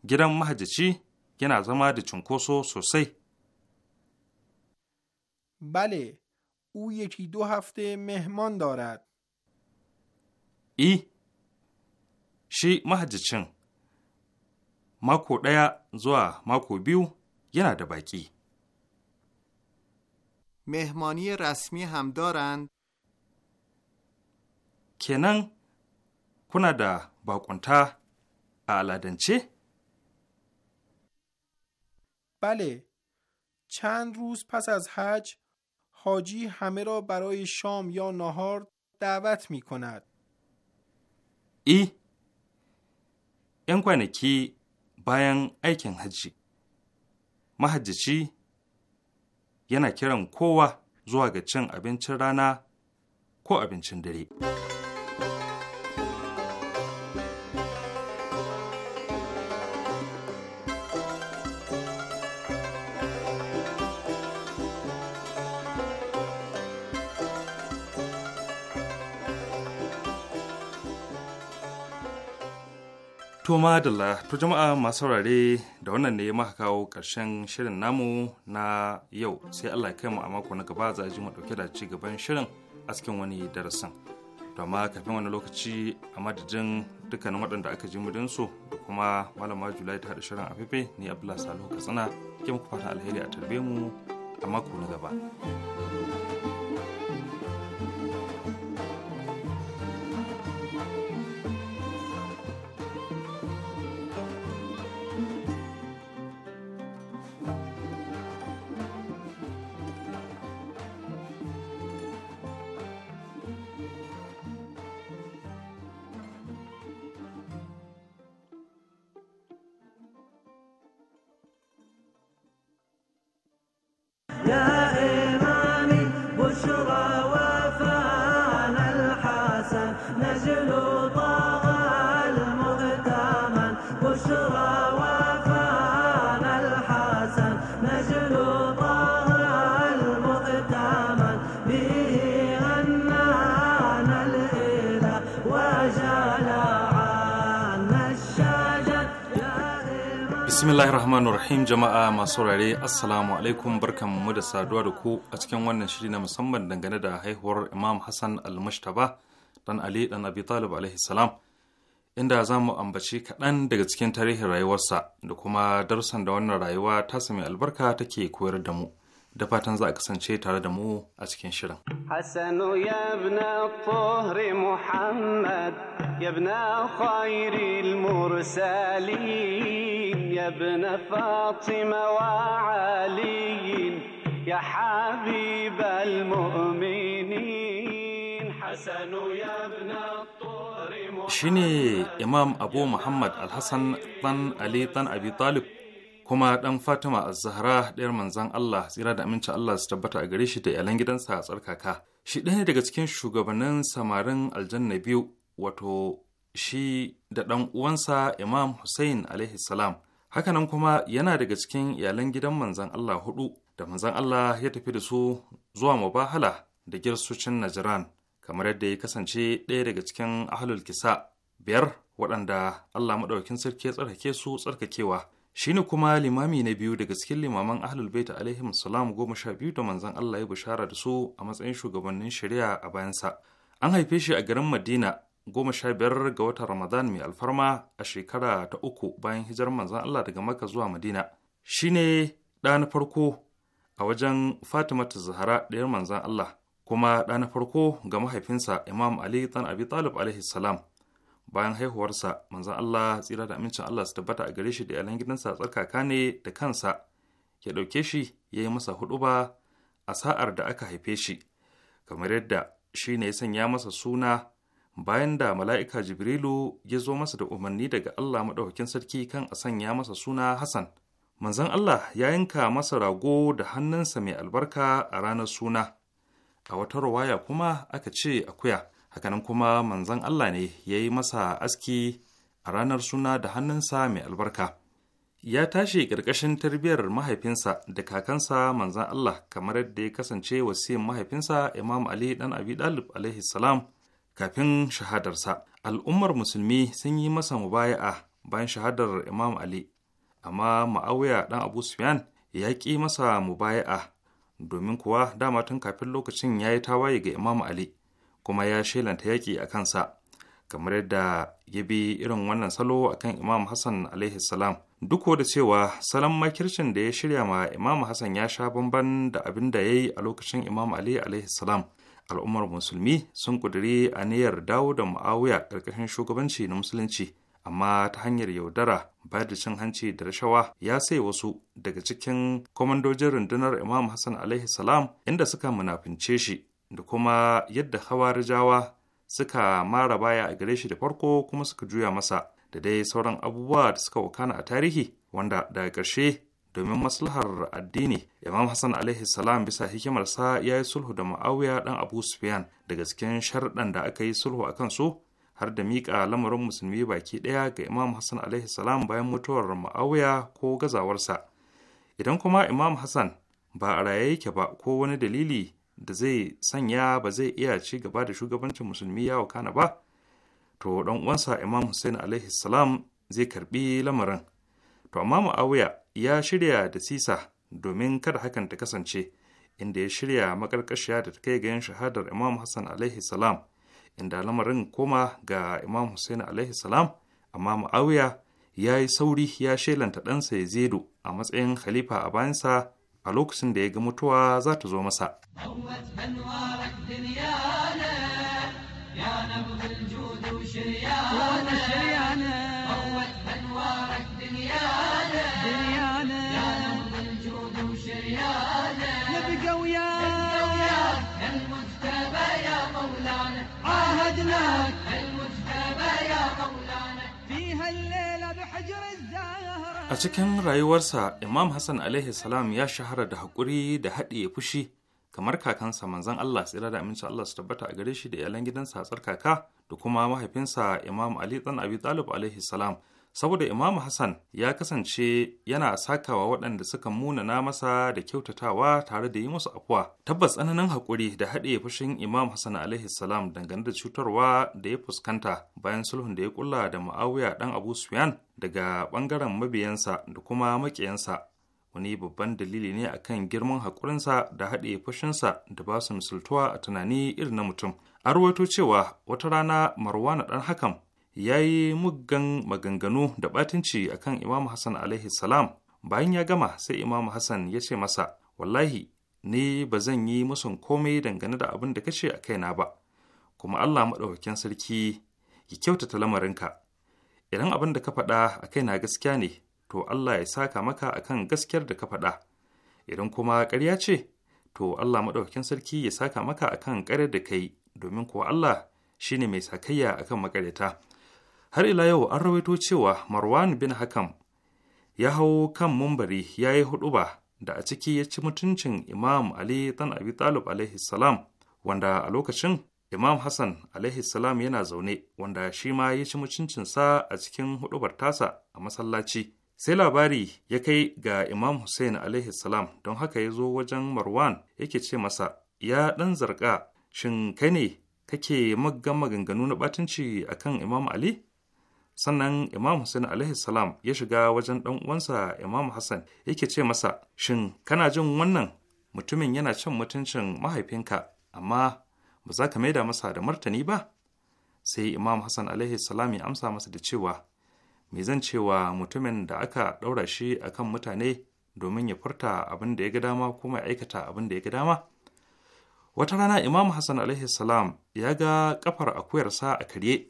گرم محجچی گنا زما ده چنکوسو سوسی. بله، او یکی دو هفته مهمان دارد. ای e, شی mahajicin mako دیا زوا mako بیو yana da baƙi. مهمانی رسمی هم دارند؟ کنن kuna د باقونتا a چه؟ بله چند روز پس از حج حاجی همه را برای شام یا نهار دعوت می کند. e ‘Yan kwanaki bayan aikin hajji, mahajjici yana kiran kowa zuwa ga cin abincin rana ko abincin dare. To madalla, to jama'a masu saurare da wannan ne maka kawo ƙarshen shirin namu na yau sai Allah ya kai mu a mako na gaba za a ji mu ɗauke da ci gaban shirin a cikin wani darasin. To amma kafin wani lokaci a madadin dukkanin waɗanda aka ji mudin su da kuma malama Julai ta haɗa shirin a fefe ni Abdullahi Salihu Katsina ke muku fata alheri a tarbe mu a mako na gaba. jama'a masu saurare assalamu alaikum barkan mu da saduwa da ku a cikin wannan shiri na musamman dangane da haihuwar imam hassan almushtaba dan ali dan abi talib alaihi salam inda za mu ambaci kaɗan daga cikin tarihin rayuwarsa da kuma darussan da wannan rayuwa ta sami albarka take koyar da mu da fatan za a kasance tare da mu a cikin shirin. Hassanu ya bna Muhammad ya ibn khairil mursalin ابن فاطمة وعلي يا حبيب المؤمنين حسن يا ابن الطور شني إمام أبو محمد الحسن طن علي طن أبي طالب kuma ɗan Fatima a Zahra ɗayar manzan Allah tsira da aminci Allah su tabbata a gare shi da iyalan gidansa a tsarkaka. Shi ɗaya ne daga cikin shugabannin samarin aljanna biyu wato shi da ɗan uwansa Imam Hussein alaihi salam hakanan kuma yana daga cikin iyalan gidan manzan Allah hudu da manzan Allah ya tafi da su zuwa mubahala da girsucin Najran kamar yadda ya kasance ɗaya daga cikin ahlul kisa biyar waɗanda Allah maɗaukin sarki ya tsarkake su tsarkakewa shine kuma limami na biyu daga cikin limaman ahlul baita alaihim salam goma sha biyu da manzan Allah ya bishara da su a matsayin shugabannin shari'a a bayansa an haife shi a garin Madina goma sha biyar ga watan ramadan mai alfarma a shekara ta uku bayan hijirar manzon allah daga maka zuwa madina shine ɗa na farko a wajen fatima ta zahara ɗayar manzon allah kuma ɗa na farko ga mahaifinsa imam ali dan abi talib alaihi salam bayan haihuwarsa manzon allah tsira da amincin allah su tabbata a gare shi da yalan gidansa tsarkaka ne da kansa ya ɗauke shi ya yi masa ba a sa'ar da aka haife shi kamar yadda shi ne ya sanya masa suna bayan da mala'ika jibrilu ya zo masa da umarni daga allah maɗaukakin sarki kan a sanya masa suna hassan manzon allah ya yanka masa rago da hannunsa mai albarka a ranar suna a wata rawaya kuma aka ce akuya hakanan kuma manzon allah ne ya yi masa aski a ranar suna da hannunsa mai albarka ya tashi ƙarƙashin tarbiyyar mahaifinsa da kakansa manzan Allah kamar yadda ya kasance wasiyin mahaifinsa Imam Ali ɗan Abi Dalib alaihi salam kafin shahadarsa al'ummar musulmi sun yi masa mubaya'a bayan shahadar imam ali amma ma'auya ɗan abu sufyan ya ƙi masa mubaya'a domin kuwa dama tun kafin lokacin ya yi tawaye ga imam ali kuma ya shelanta yaƙi a kansa kamar yadda ya bi irin wannan salo kan imam hassan alaihi salam duk da cewa salon makircin da ya shirya ma imam hassan ya sha bamban da abin da ya yi a lokacin imam ali alaihi salam al'ummar musulmi sun ƙudiri aniyar dawo da muawiya ƙarƙashin shugabanci na musulunci amma ta hanyar yaudara bayar da cin hanci da rashawa ya sai wasu daga cikin kwamandojin rundunar imam hassan alaihi salam inda suka munafince shi da kuma yadda hawarijawa suka mara baya a gare shi da farko kuma suka juya masa da dai sauran abubuwa da suka wakana a tarihi wanda daga ƙarshe domin maslahar addini imam hassan alaihi salam bisa hikimarsa ya yi sulhu da ma'auya dan abu sufyan daga cikin sharɗan da aka yi sulhu a kansu har da miƙa lamarin musulmi baki ɗaya ga imam hassan alaihi salam bayan mutuwar ma'auya ko gazawarsa idan kuma imam hassan ba a raye yake ba ko wani dalili da zai sanya ba zai iya ci gaba da shugabancin musulmi ya kana ba to dan uwansa imam hussein alaihi salam zai karbi lamarin to amma ma'auya. ya shirya da sisa domin kada hakan ta kasance inda ya shirya makarkashiya da ta kai ga yin shahadar imam hassan alaihi salam inda lamarin koma ga imam hussein alaihi salam amma ma'awiya ya yi sauri ya shelanta ɗansa ya zedo a matsayin khalifa a bayansa a lokacin da ya ga mutuwa za ta zo masa. A cikin rayuwarsa, Imam Hassan alaihi salam ya shahara da haƙuri da haɗiye fushi kamar kakansa manzon Allah tsira da amincin Allah su tabbata a gare shi da iyalan gidansa a tsarkaka da kuma mahaifinsa Imam Ali dan Abi Talib alaihi salam saboda Imam Hassan ya kasance yana sakawa waɗanda suka munana masa da kyautatawa tare da yi musu afuwa. Tabbas tsananin haƙuri da haɗe fushin Imam Hassan alaihi salam dangane da cutarwa da ya fuskanta bayan sulhun da ya kulla da ma'awuya ɗan Abu suyan daga ɓangaren mabiyansa da kuma maƙiyansa. Wani babban dalili ne akan girman haƙurinsa da haɗe fushinsa da ba su misaltuwa a tunani irin na mutum. A ruwaito cewa wata rana Marwana ɗan hakan. ya yi muggan maganganu da batunci akan Imam hassan alaihi salam bayan ya gama sai Imam hassan ya ce masa wallahi ni ba zan yi musun komai dangane da abin da kace a kaina ba kuma allah maɗaukakin sarki ya kyautata lamarinka idan abin da ka faɗa a kaina gaskiya ne to allah ya saka maka akan gaskiyar da ka faɗa idan kuma ƙarya ce to allah maɗaukakin sarki ya saka maka akan ƙarar da kai domin kuwa allah shine mai sakayya akan maƙaryata har ila yau an rawaito cewa marwan bin hakam ya hau kan mumbari ya yi huɗuba da a ciki ya ci mutuncin imam ali dan abi talib alaihi salam wanda a lokacin imam hassan alaihi salam yana zaune wanda shi ma ya ci mutuncinsa a cikin huɗubar tasa a masallaci sai labari ya kai ga imam hussein alaihi salam don haka ya zo wajen marwan yake ce masa ya ɗan zarga shin kai ne kake maga maganganu na batunci akan imam ali sannan imam hussein alaihi salam ya shiga wajen ɗan uwansa imam hassan yake ce masa shin kana jin wannan mutumin yana cin mutuncin mahaifinka amma ba za ka maida masa da martani ba sai imam hassan alaihi salam ya amsa masa da cewa me zan cewa mutumin da aka ɗaura shi akan mutane domin ya furta abin da ya ga dama kuma ya aikata abin da ya ga dama wata rana imam hassan alaihi salam ya ga kafar akuyarsa a karye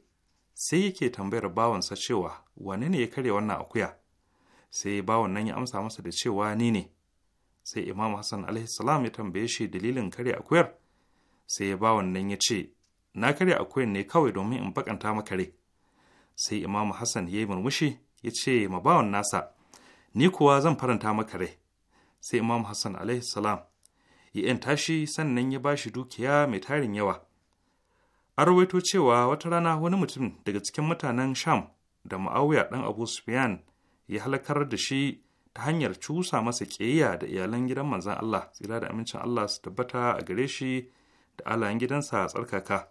sai yake tambayar bawansa cewa wane ne ya karya wannan akuya sai bawan nan ya amsa masa da cewa ni ne sai imam hassan alaihissalam ya tambaye shi dalilin karya akuyar sai bawan nan ya ce na karya akuyar ne kawai domin in bakanta maka rai sai imam hassan ya yi murmushi ya ce ma bawan nasa ni kuwa zan faranta maka rai sai imam hassan alaihissalam ya 'yan tashi sannan ya ba shi dukiya mai tarin yawa An rawaito cewa wata rana wani mutum daga cikin mutanen Sham da ma'auya ɗan Abu sufiyan ya halakar da shi ta hanyar cusa masa ƙeya da iyalan gidan manzan Allah tsira da amincin Allah su tabbata a gare shi da alayen gidansa a tsarkaka.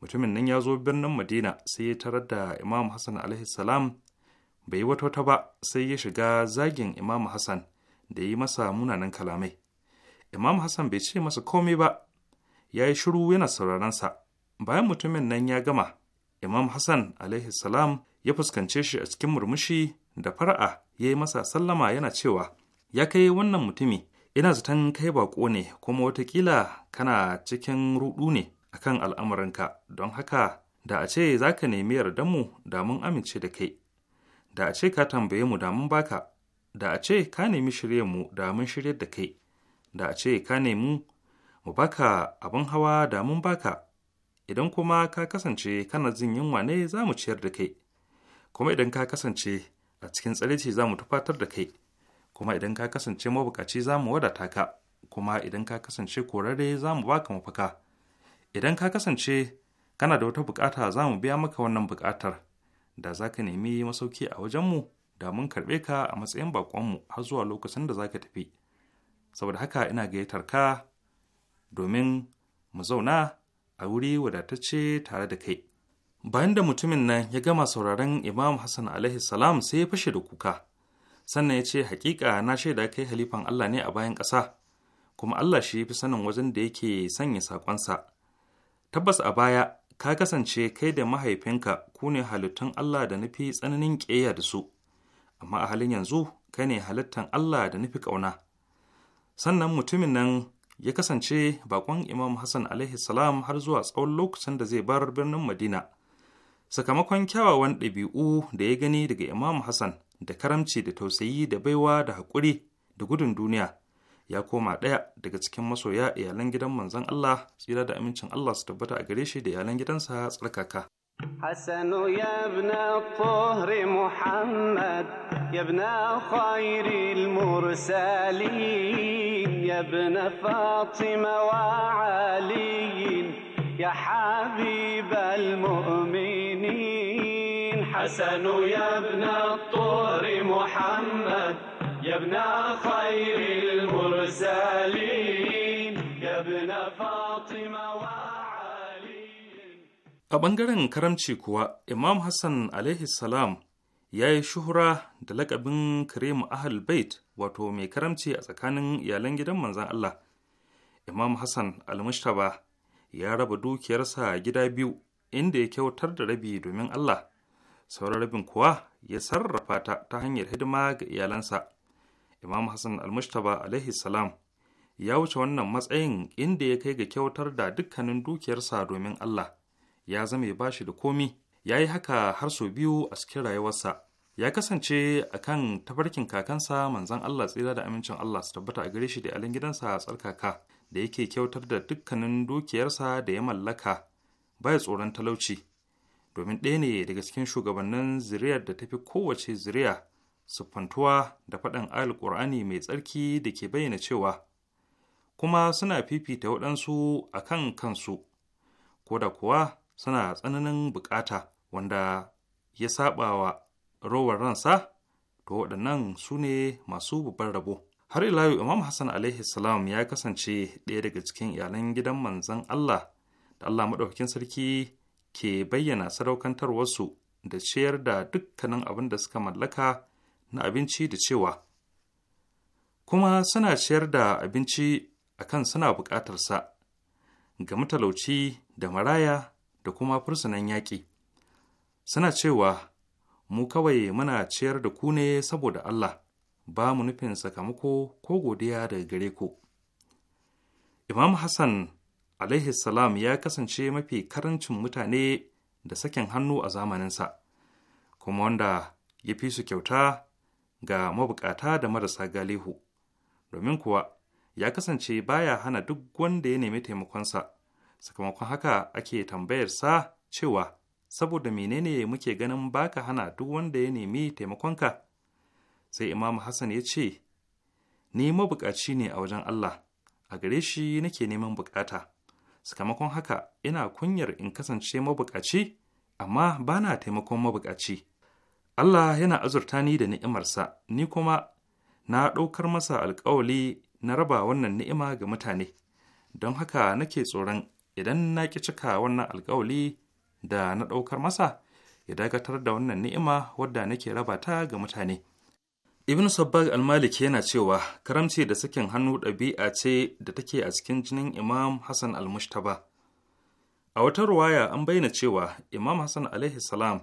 Mutumin nan ya zo birnin Madina sai ya tarar da Imam Hassan alaihi salam bai yi wata wata ba sai ya shiga zagin Imam Hassan da yi masa munanan kalamai. Imam Hassan bai ce masa komai ba, ya yi shiru yana sauraron sa bayan mutumin nan ya gama imam hassan alaihi salam ya fuskance shi a cikin murmushi da fara'a ya yi masa sallama yana cewa ya kai wannan mutumi ina zaton kai baƙo ne kuma watakila kana cikin rudu ne akan al'amuranka don haka da a ce za ka nemi yardanmu da mun amince da kai da a ce ka tambaye mu da mun baka da a ce ka nemi mu da mun shiryar da kai da a ce ka nemi mu baka abin hawa da mun baka idan kuma ka kasance kana jin yunwa ne za mu ciyar da kai kuma idan ka kasance a cikin tsalici za mu tufatar da kai kuma idan ka kasance mabukaci za mu wadata ka kuma idan ka kasance korare za mu baka mafaka idan ka kasance kana da wata bukata za mu biya maka wannan bukatar da za ka nemi masauki a wajenmu da mun karɓe ka a matsayin baƙonmu har zuwa lokacin da za ka tafi saboda haka ina gayyatar ka domin mu zauna a wuri wadatacce tare da kai bayan da mutumin nan ya gama sauraron imam hassan alaihi salam sai ya fashe da kuka sannan ya ce hakika na shaida kai halifan allah ne a bayan ƙasa kuma allah shi fi sanin wajen da yake sanya saƙonsa tabbas a baya ka kasance kai da mahaifinka ku ne halittun allah da nufi tsananin ƙeya da su amma a halin yanzu kai ne halittan allah da nufi ƙauna sannan mutumin nan ya kasance bakon imam hassan alaihi salam har zuwa tsawon lokacin da zai bar birnin madina sakamakon kyawawan ɗabi'u da ya gani daga imam hassan da karamci da tausayi da baiwa da haƙuri da gudun duniya ya koma ɗaya daga cikin masoya iyalan gidan manzon allah tsira da amincin allah su tabbata a gare shi da iyalan gidansa tsarkaka حسن يا ابن الطهر محمد يا ابن خير المرسلين ابن فاطمة وعلي يا حبيب المؤمنين حسن يا ابن الطور محمد يا ابن خير المرسلين يا ابن فاطمة وعلي A ɓangaren karamci kuwa, Imam Hassan alaihi salam ya yi shuhura da lakabin karemu Ahal Bait wato mai karamci a tsakanin iyalan gidan manzan Allah. Imam Hassan Almushtaba ya raba dukiyarsa gida biyu inda ya kyautar da rabi domin Allah, sauran rabin kuwa ya sarrafa ta ta hanyar hidima ga iyalansa. Imam Hassan Almushtaba alaihi salam ya wuce wannan matsayin inda ya kai ga kyautar da dukkanin dukiyarsa domin Allah, ya zama ya bashi da komi. ya yi haka har sau biyu a cikin rayuwarsa ya kasance a kan tafarkin kakansa manzon Allah tsira da amincin Allah su tabbata a gare shi da alin gidansa a tsarkaka da yake kyautar da dukkanin dukiyarsa da ya mallaka baya tsoron talauci domin ɗaya ne daga cikin shugabannin ziriyar da tafi kowace ziriya siffantuwa da faɗin alƙur'ani mai tsarki da ke bayyana cewa kuma suna fifita waɗansu a kan kansu ko da kuwa suna tsananin bukata wanda ya saba wa rowar ransa to waɗannan su ne masu babban rabo har ila yau imam hassan alaihi salam ya kasance ɗaya daga cikin iyalan gidan manzon allah da allah maɗaukakin sarki ke bayyana wasu da ciyar da dukkanin abin da suka mallaka na abinci da cewa kuma suna ciyar da abinci a kan suna buƙatarsa ga matalauci da maraya da kuma fursunan yaƙi suna cewa mu kawai muna ciyar da ku ne saboda Allah ba mu nufin sakamako ko godiya daga gare ku Imam Hassan alaihi salam ya kasance mafi karancin mutane da sakin hannu a zamaninsa kuma wanda ya fi su kyauta ga mabukata da marasa galihu domin kuwa ya kasance baya hana duk wanda ya nemi taimakonsa sakamakon haka ake sa cewa saboda menene muke ganin baka hana duk wanda ya nemi taimakonka sai imamu hassan ya ce ni mabukaci ne a wajen allah a gare shi nake neman bukata sakamakon haka ina kunyar in kasance mabukaci amma ba na taimakon mabukaci allah yana azurta ni da ni'imarsa ni kuma na ɗaukar masa alkawali na raba wannan ni'ima ga mutane don haka nake tsoron idan na ƙi cika wannan alkawali da na ɗaukar masa ya dakatar da wannan ni'ima wadda nake raba ta ga mutane ibn sabbag al malik yana cewa karamci da sakin hannu ɗabi'a ce da take a cikin jinin imam hassan al-mushtaba a wata ruwaya an bayyana cewa imam hassan alaihi salam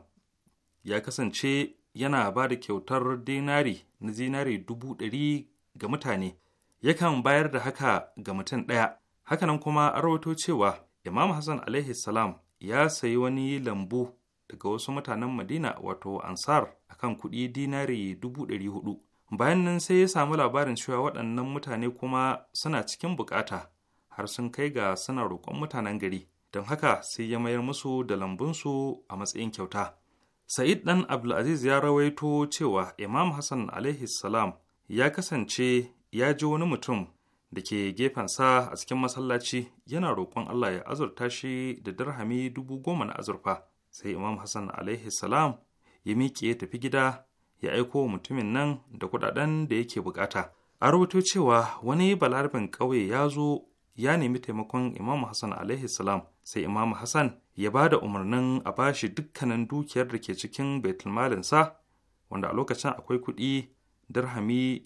ya kasance yana ba da kyautar dinari na zinari dubu ɗari ga mutane yakan bayar da haka ga mutum ɗaya hakanan kuma an rawaito cewa imam hassan alaihi salam ya sayi wani lambu daga wasu mutanen Madina wato Ansar akan kuɗi dinari dubu ɗari hudu. Bayan nan sai ya samu labarin cewa waɗannan mutane kuma suna cikin bukata har sun kai ga suna roƙon mutanen gari. Don haka sai ya mayar musu da lambunsu a matsayin kyauta. Sa'id ɗan Abdulaziz ya rawaito cewa Imam Hassan alaihi salam ya kasance ya ji wani mutum da ke gefensa a cikin masallaci yana roƙon Allah ya azurta shi da dirhami dubu goma na azurfa sai imam hassan alaihi salam ya miƙe ya tafi gida ya aiko mutumin nan da kuɗaɗen da yake bukata a rubuto cewa wani balarabin ƙauye ya zo ya nemi taimakon imam hassan alaihi salam sai imam hassan ya ba da umarnin a bashi dukkanin dukiyar da ke cikin baitulmalinsa wanda a lokacin akwai kuɗi dirhami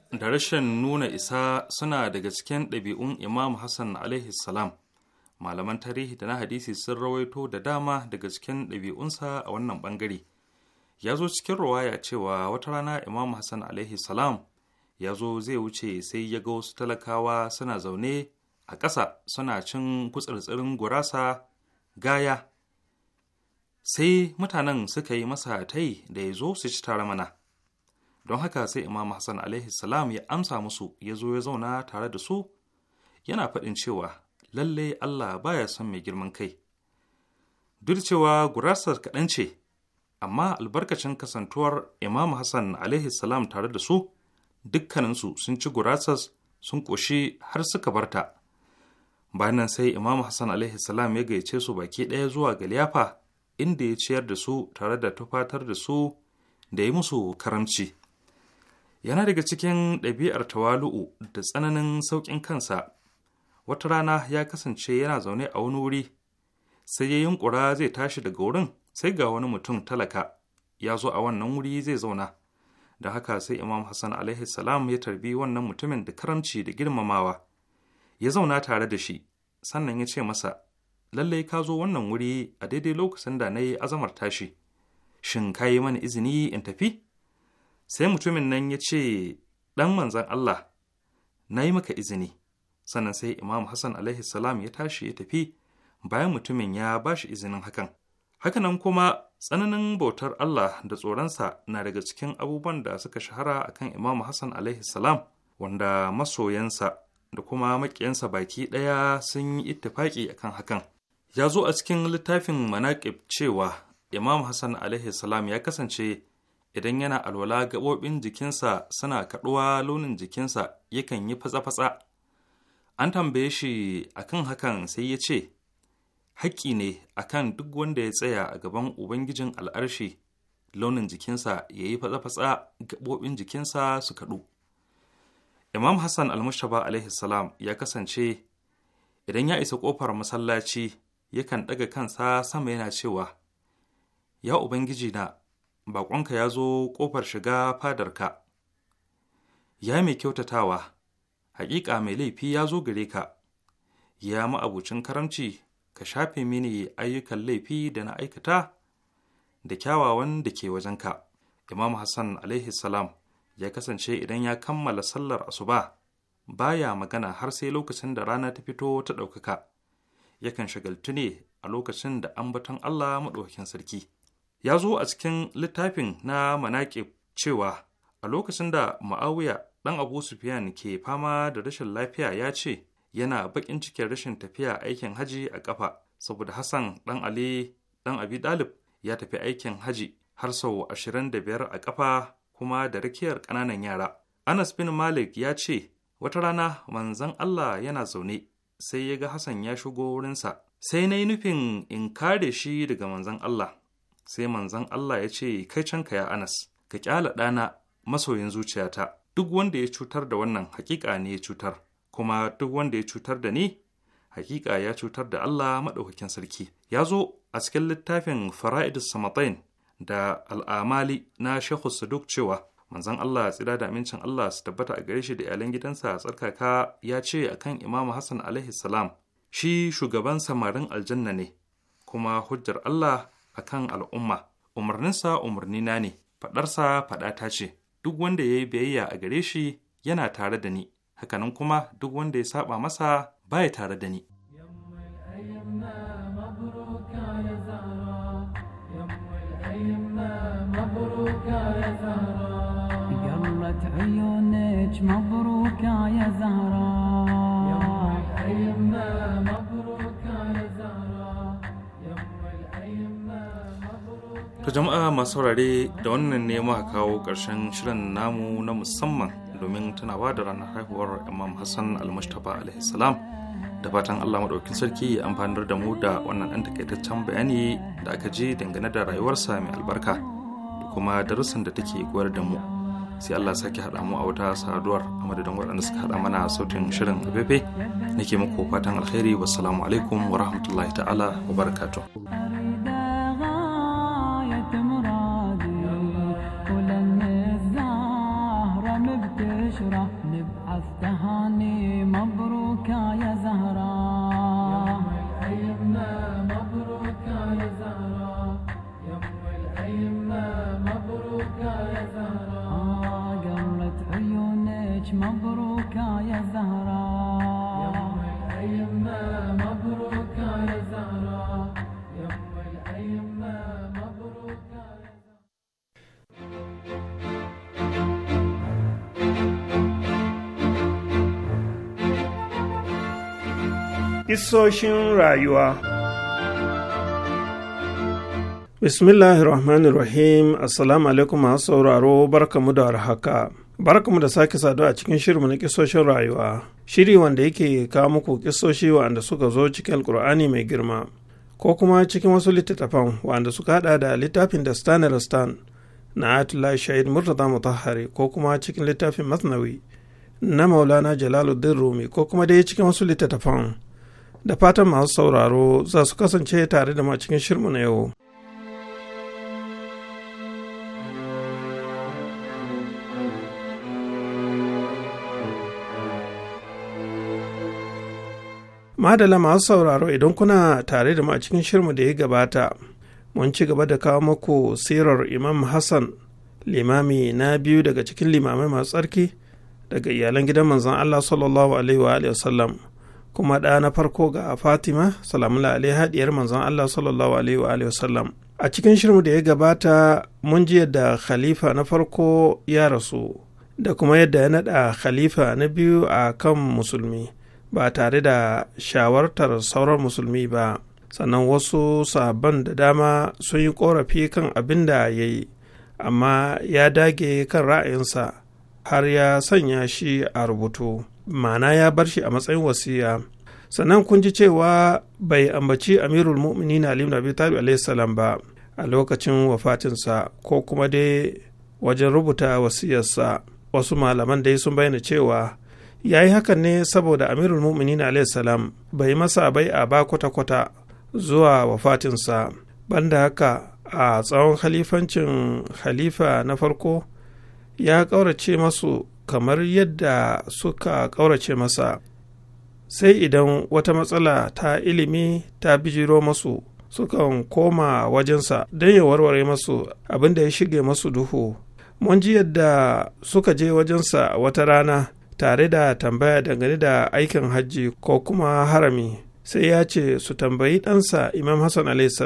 da rashin nuna isa suna daga cikin ɗabi'un Imam Hassan alaihi salam. Malaman tarihi da na hadisi sun rawaito da dama daga cikin ɗabi'unsa a wannan ɓangare. Ya zo cikin ruwaya cewa wata rana Imam Hassan alaihi salam ya zo zai wuce sai ya ga wasu talakawa suna zaune a ƙasa suna cin kutsirtsirin gurasa gaya. Sai mutanen suka yi masa tai da ya zo su ci tara mana. don haka sai imam hassan alaihi ya amsa musu ya zo ya zauna tare da su yana faɗin cewa lalle allah baya son mai girman kai duk cewa gurasar kaɗan ce amma albarkacin kasantuwar imam hassan alaihi tare da su dukkaninsu sun ci gurasas sun ƙoshi har suka barta bayan nan sai imam hassan alaihi ya gayyace su baki ɗaya zuwa ga liyafa inda ya ciyar da su tare da tufatar da su da yi musu karamci yana daga cikin ɗabi'ar tawalu'u da tsananin sauƙin kansa wata rana ya kasance yana zaune a wani wuri sai ya yunƙura zai tashi daga wurin sai ga wani mutum talaka ya zo a wannan wuri zai zauna da haka sai imam hassan alaihi salam ya tarbi wannan mutumin da karamci da girmamawa ya zauna tare da shi sannan ya ce masa lallai ka zo wannan wuri a daidai lokacin da na yi azamar tashi shin ka yi mana izini in tafi sai mutumin nan ya ce ɗan manzan Allah na yi maka izini sannan sai imam hassan alaihi salam ya tashi ya tafi bayan mutumin ya ba shi izinin hakan hakanan kuma tsananin bautar Allah da tsoronsa na daga cikin abubuwan da suka shahara akan imam hassan alaihi salam wanda masoyansa da kuma maƙiyansa baki ɗaya sun yi ittifaƙi akan hakan ya zo a cikin littafin manaƙib cewa imam hassan alaihi salam ya kasance idan yana alwala gaɓoɓin jikinsa suna kaɗuwa launin jikinsa yakan yi fatsa-fatsa an tambaye shi akan hakan sai ya ce hakki ne a kan duk wanda ya tsaya a gaban ubangijin al'arshi launin jikinsa ya yi fatsa-fatsa gaɓoɓin jikinsa su kaɗu imam hassan almushaba alaihi salam ya kasance idan ya isa ƙofar masallaci yakan ɗaga kansa sama yana cewa ya ubangiji na baƙonka ya zo ƙofar shiga fadarka. Ya mai kyautatawa, haƙiƙa mai laifi ya zo gare ka, ya ma'abucin karamci, ka shafe mini ayyukan laifi da na aikata da kyawawan da ke wajenka. Imam Hassan alaihi ya kasance idan ya kammala sallar asuba baya magana har sai lokacin da rana ta fito ta ɗaukaka. Yakan shagaltu ne a lokacin da an ambaton Allah maɗaukakin sarki. ya zo a cikin littafin na manaƙib cewa a lokacin da ma'awiya ɗan abu sufiyan ke fama da rashin lafiya ya ce yana baƙin cikin rashin tafiya aikin haji a ƙafa saboda hassan ɗan ali ɗan abi ɗalib ya tafi aikin haji har sau ashirin da biyar a ƙafa kuma da rakiyar ƙananan yara anas bin malik ya ce wata rana manzon allah yana zaune sai ya ga hassan ya shigo wurinsa sai na yi nufin in kare shi daga manzon allah sai manzon Allah ya ce kai can ka ya Anas ka kyala ɗana masoyin zuciyata duk wanda ya cutar da wannan hakika ne ya cutar kuma duk wanda ya cutar da ni hakika ya cutar da Allah maɗaukakin sarki ya zo a cikin littafin fara'idus samatain da al'amali na shehu duk cewa manzon Allah tsira da amincin Allah su tabbata a gare shi da iyalan gidansa a tsarkaka ya ce akan Imam Hassan alaihi salam shi shugaban samarin aljanna ne kuma hujjar Allah a kan al'umma umarninsa umarnina ne faɗarsa faɗata ce duk wanda ya yi biyayya a gare shi yana tare da ni hakanan kuma duk wanda ya saba masa baya tare da ni مبروك يا زهرة يا jama'a masu saurare da wannan ne muka kawo ƙarshen shirin namu na musamman domin tana ba da ranar haihuwar Imam Hassan Al-Mustapha alaihi salam. da fatan Allah maɗaukin sarki ya amfanar da mu da wannan ɗan takaitaccen bayani da aka ji dangane da rayuwarsa mai albarka da kuma darussan da take koyar da mu sai Allah sake haɗa mu a wata saduwar a madadin waɗanda suka haɗa mana sautin shirin afefe nake muku fatan alkhairi wassalamu alaikum wa rahmatullahi ta'ala wa barakatuh Kisoshin rayuwa Bismillahir Rahmanir Rahim Assalamu alaikum masu sauraro barkamu da warhaka. Barkamu da sake saduwa a cikin shirinmu na kisoshin rayuwa. Shiri wanda yake kawo muku kisoshi wa'anda suka zo cikin Alƙur'ani mai girma. Ko kuma cikin wasu littattafan wanda suka haɗa da littafin da Stan Stan na Atullah Shahid Murtaza Mutahari ko kuma cikin littafin Masnawi na Maulana Jalaluddin Rumi ko kuma dai cikin wasu littattafan. da fatan masu sauraro za su kasance tare da cikin shirmu na yau. Madala masu sauraro idan kuna tare da cikin shirmu da ya gabata, mun ci gaba da kawo muku sirar Imam Hassan, limami na biyu daga cikin limamai masu tsarki daga iyalan gidan manzon Allah sallallahu Alaihi wa sallam. kuma ɗa na farko ga fatima salamula alaihi haɗiyar manzon allah sallallahu alaihi wa sallam a cikin shirin da ya gabata mun ji yadda khalifa na farko ya rasu da kuma yadda ya naɗa khalifa na biyu a kan musulmi ba tare da shawartar sauran musulmi ba sannan wasu sabon da dama sun yi korafi kan abin da ya yi amma ya dage kan ra'ayinsa har ya sanya shi a rubutu ma'ana ya bar shi a matsayin wasiya sannan kun ji cewa bai ambaci amirul mu'minin ali ibn abi talib salam ba a lokacin wafatinsa ko kuma dai wajen rubuta wasiyarsa wasu malaman dai sun bayyana cewa ya yi hakan ne saboda amirul mu'minin alayhi salam bai masa bai a ba kwata-kwata zuwa wafatinsa banda haka a tsawon halifancin Khalifa na farko ya ƙaurace masu kamar yadda suka ƙaurace masa sai idan wata matsala ta ilimi ta bijiro masu sukan koma wajensa don ya warware masu abin da ya shige masu duhu mun ji yadda suka je wajensa wata rana tare da tambaya dangane da aikin hajji ko kuma harami sai ya ce su tambayi ɗansa imam hassan a.s.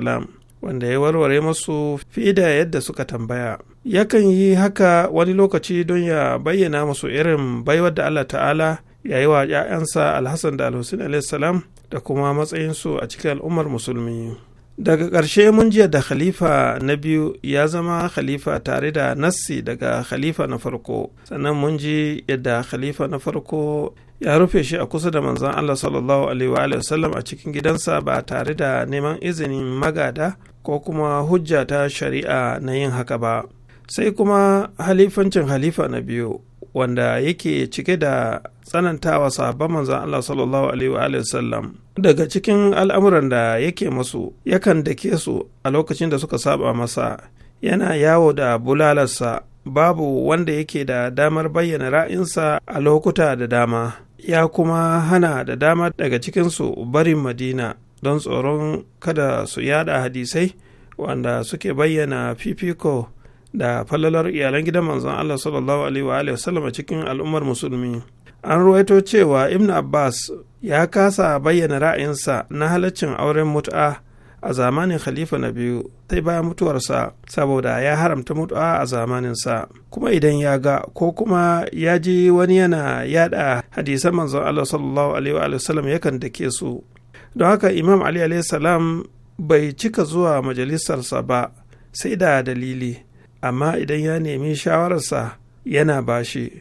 wanda ya warware masu fiye da yadda suka tambaya yakan yi haka wani lokaci don ya bayyana masu irin baiwar da allah ta'ala ya yi wa 'ya'yansa alhassan da alhussein alaihissalam da kuma matsayinsu a cikin al'ummar musulmi daga ƙarshe mun jiya da khalifa na biyu ya zama khalifa tare da nassi daga khalifa na farko sannan mun ji yadda khalifa na farko ya rufe shi a kusa da manzon allah sallallahu alaihi wasallam a cikin gidansa ba tare da neman izinin magada ko kuma hujja ta shari'a na yin haka ba sai kuma halifancin halifa na biyu wanda yake cike da tsanantawa sahabban manzan Allah sallallahu alaihi wasallam daga cikin al'amuran da yake masu yakan dake su a lokacin da suka saba masa yana yawo da bulalarsa babu wanda yake da damar bayyana ra'insa a lokuta da dama ya kuma hana da dama daga cikinsu barin madina don tsoron kada su yada hadisai wanda suke bayyana fifiko da falalar iyalan gidan manzon Allah sallallahu alaihi wa a cikin al'ummar musulmi. An ruwaito cewa Ibn Abbas ya kasa bayyana ra'ayinsa na halaccin auren mut'a a zamanin khalifa na biyu sai bayan mutuwarsa saboda ya haramta Mutu'a a zamaninsa kuma idan ya ga ko kuma ya ji wani yana yada hadisan manzon Allah sallallahu alaihi wa yakan dake su don haka imam Ali alaihi salam bai cika zuwa majalisarsa ba sai da dalili amma idan ya nemi shawararsa yana bashi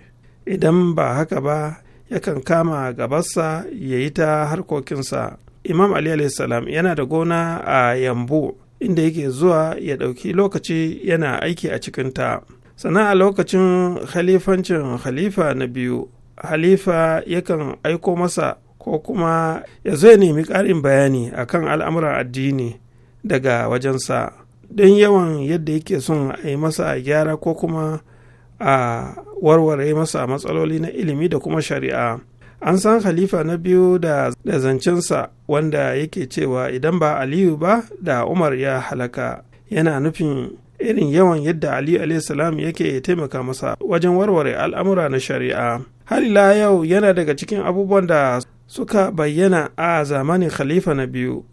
idan ba haka ba yakan kama gabarsa ya yi ta harkokinsa imam ali salam yana da gona a yambu inda yake zuwa ya ɗauki lokaci yana aiki a cikinta sana a lokacin khalifancin khalifa na biyu halifa yakan aiko masa ko kuma ya zo ya nemi ƙarin bayani akan al'amuran addini daga wajensa don yawan yadda yake son a yi masa a gyara ko kuma a warware masa matsaloli na ilimi da kuma shari'a an san khalifa na biyu da zancensa wanda yake cewa idan ba aliyu ba da umar ya halaka yana nufin irin yawan yadda aliyu salam yake taimaka masa wajen warware al'amura na shari'a har yau yana daga cikin abubuwan da suka bayyana a zamanin khalifa na biyu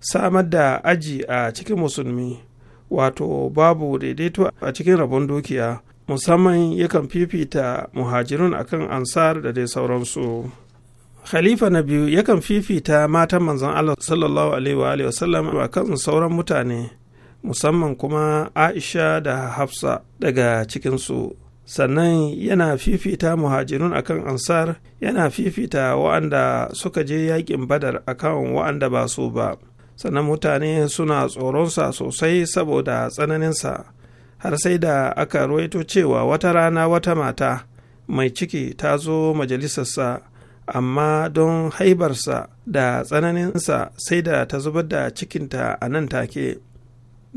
samar da aji a cikin musulmi wato babu daidaito a cikin rabon dukiya musamman yakan fifita muhajirun akan ansar da dai sauransu khalifa na biyu yakan fifita matan manzon allah sallallahu alaihi wasallam a kan sauran mutane musamman kuma aisha da hafsa daga cikinsu sannan yana fifita muhajirun akan ansar yana fifita wa'anda suka je yakin badar akan wa'anda ba su ba sannan mutane suna tsoronsa sosai saboda tsananinsa har sai da aka ruwaito cewa wata rana wata mata mai ciki ta zo majalisarsa amma don haibarsa da tsananinsa sai da ta zubar da cikinta a nan take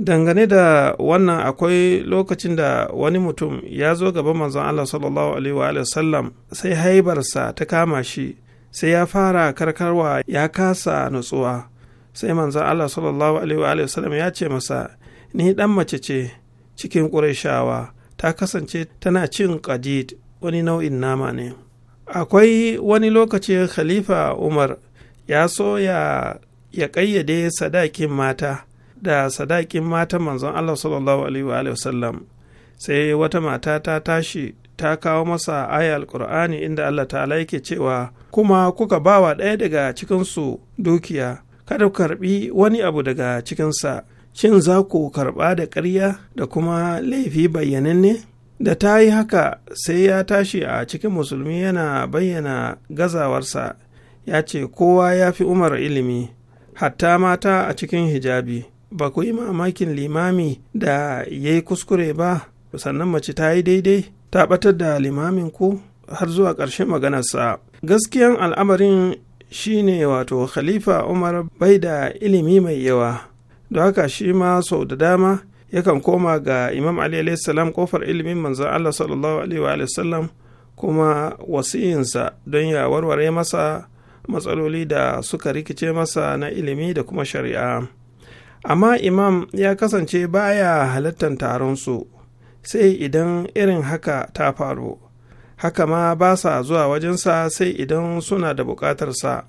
dangane da wannan akwai lokacin da wani mutum ya zo gaba manzon Allah sallallahu alaihi sallam sai haibarsa ta kama shi sai ya fara karkarwa ya kasa nutsuwa sai manzan allah sallallahu alaihi sallam ya ce masa ni dan mace ce cikin ƙurashawa ta kasance tana cin kadid wani nau'in nama ne akwai wani lokaci khalifa umar ya so ya ya ƙayyade sadakin mata da sadakin mata manzon allah sallallahu alaihi sallam sai wata mata ta tashi ta kawo masa aya alkur'ani inda Allah ta'ala yake cewa kuma kuka bawa ɗaya daga cikinsu dukiya kada ku karbi wani abu daga cikinsa shin za ku karba da ƙarya da kuma laifi bayyananne da ta yi haka sai ya tashi a cikin musulmi yana bayyana gazawarsa ya ce kowa ya fi umar ilimi hatta mata a cikin hijabi ba ku yi mamakin limami da ya yi kuskure ba sannan mace ta yi daidai ta batar da limamin ku har zuwa ƙarshen maganarsa gaskiyan al'amarin shine wato khalifa umar bai da ilimi mai yawa don haka shi ma sau da dama yakan koma ga imam ali salam kofar ilimin manzan allah sallallahu alaihi wa kuma wasiyinsa don ya warware masa matsaloli da suka rikice masa na ilimi da kuma shari'a amma imam ya kasance baya halartar taron su sai idan irin haka ta faru haka ma ba sa zuwa wajensa sai idan suna da buƙatarsa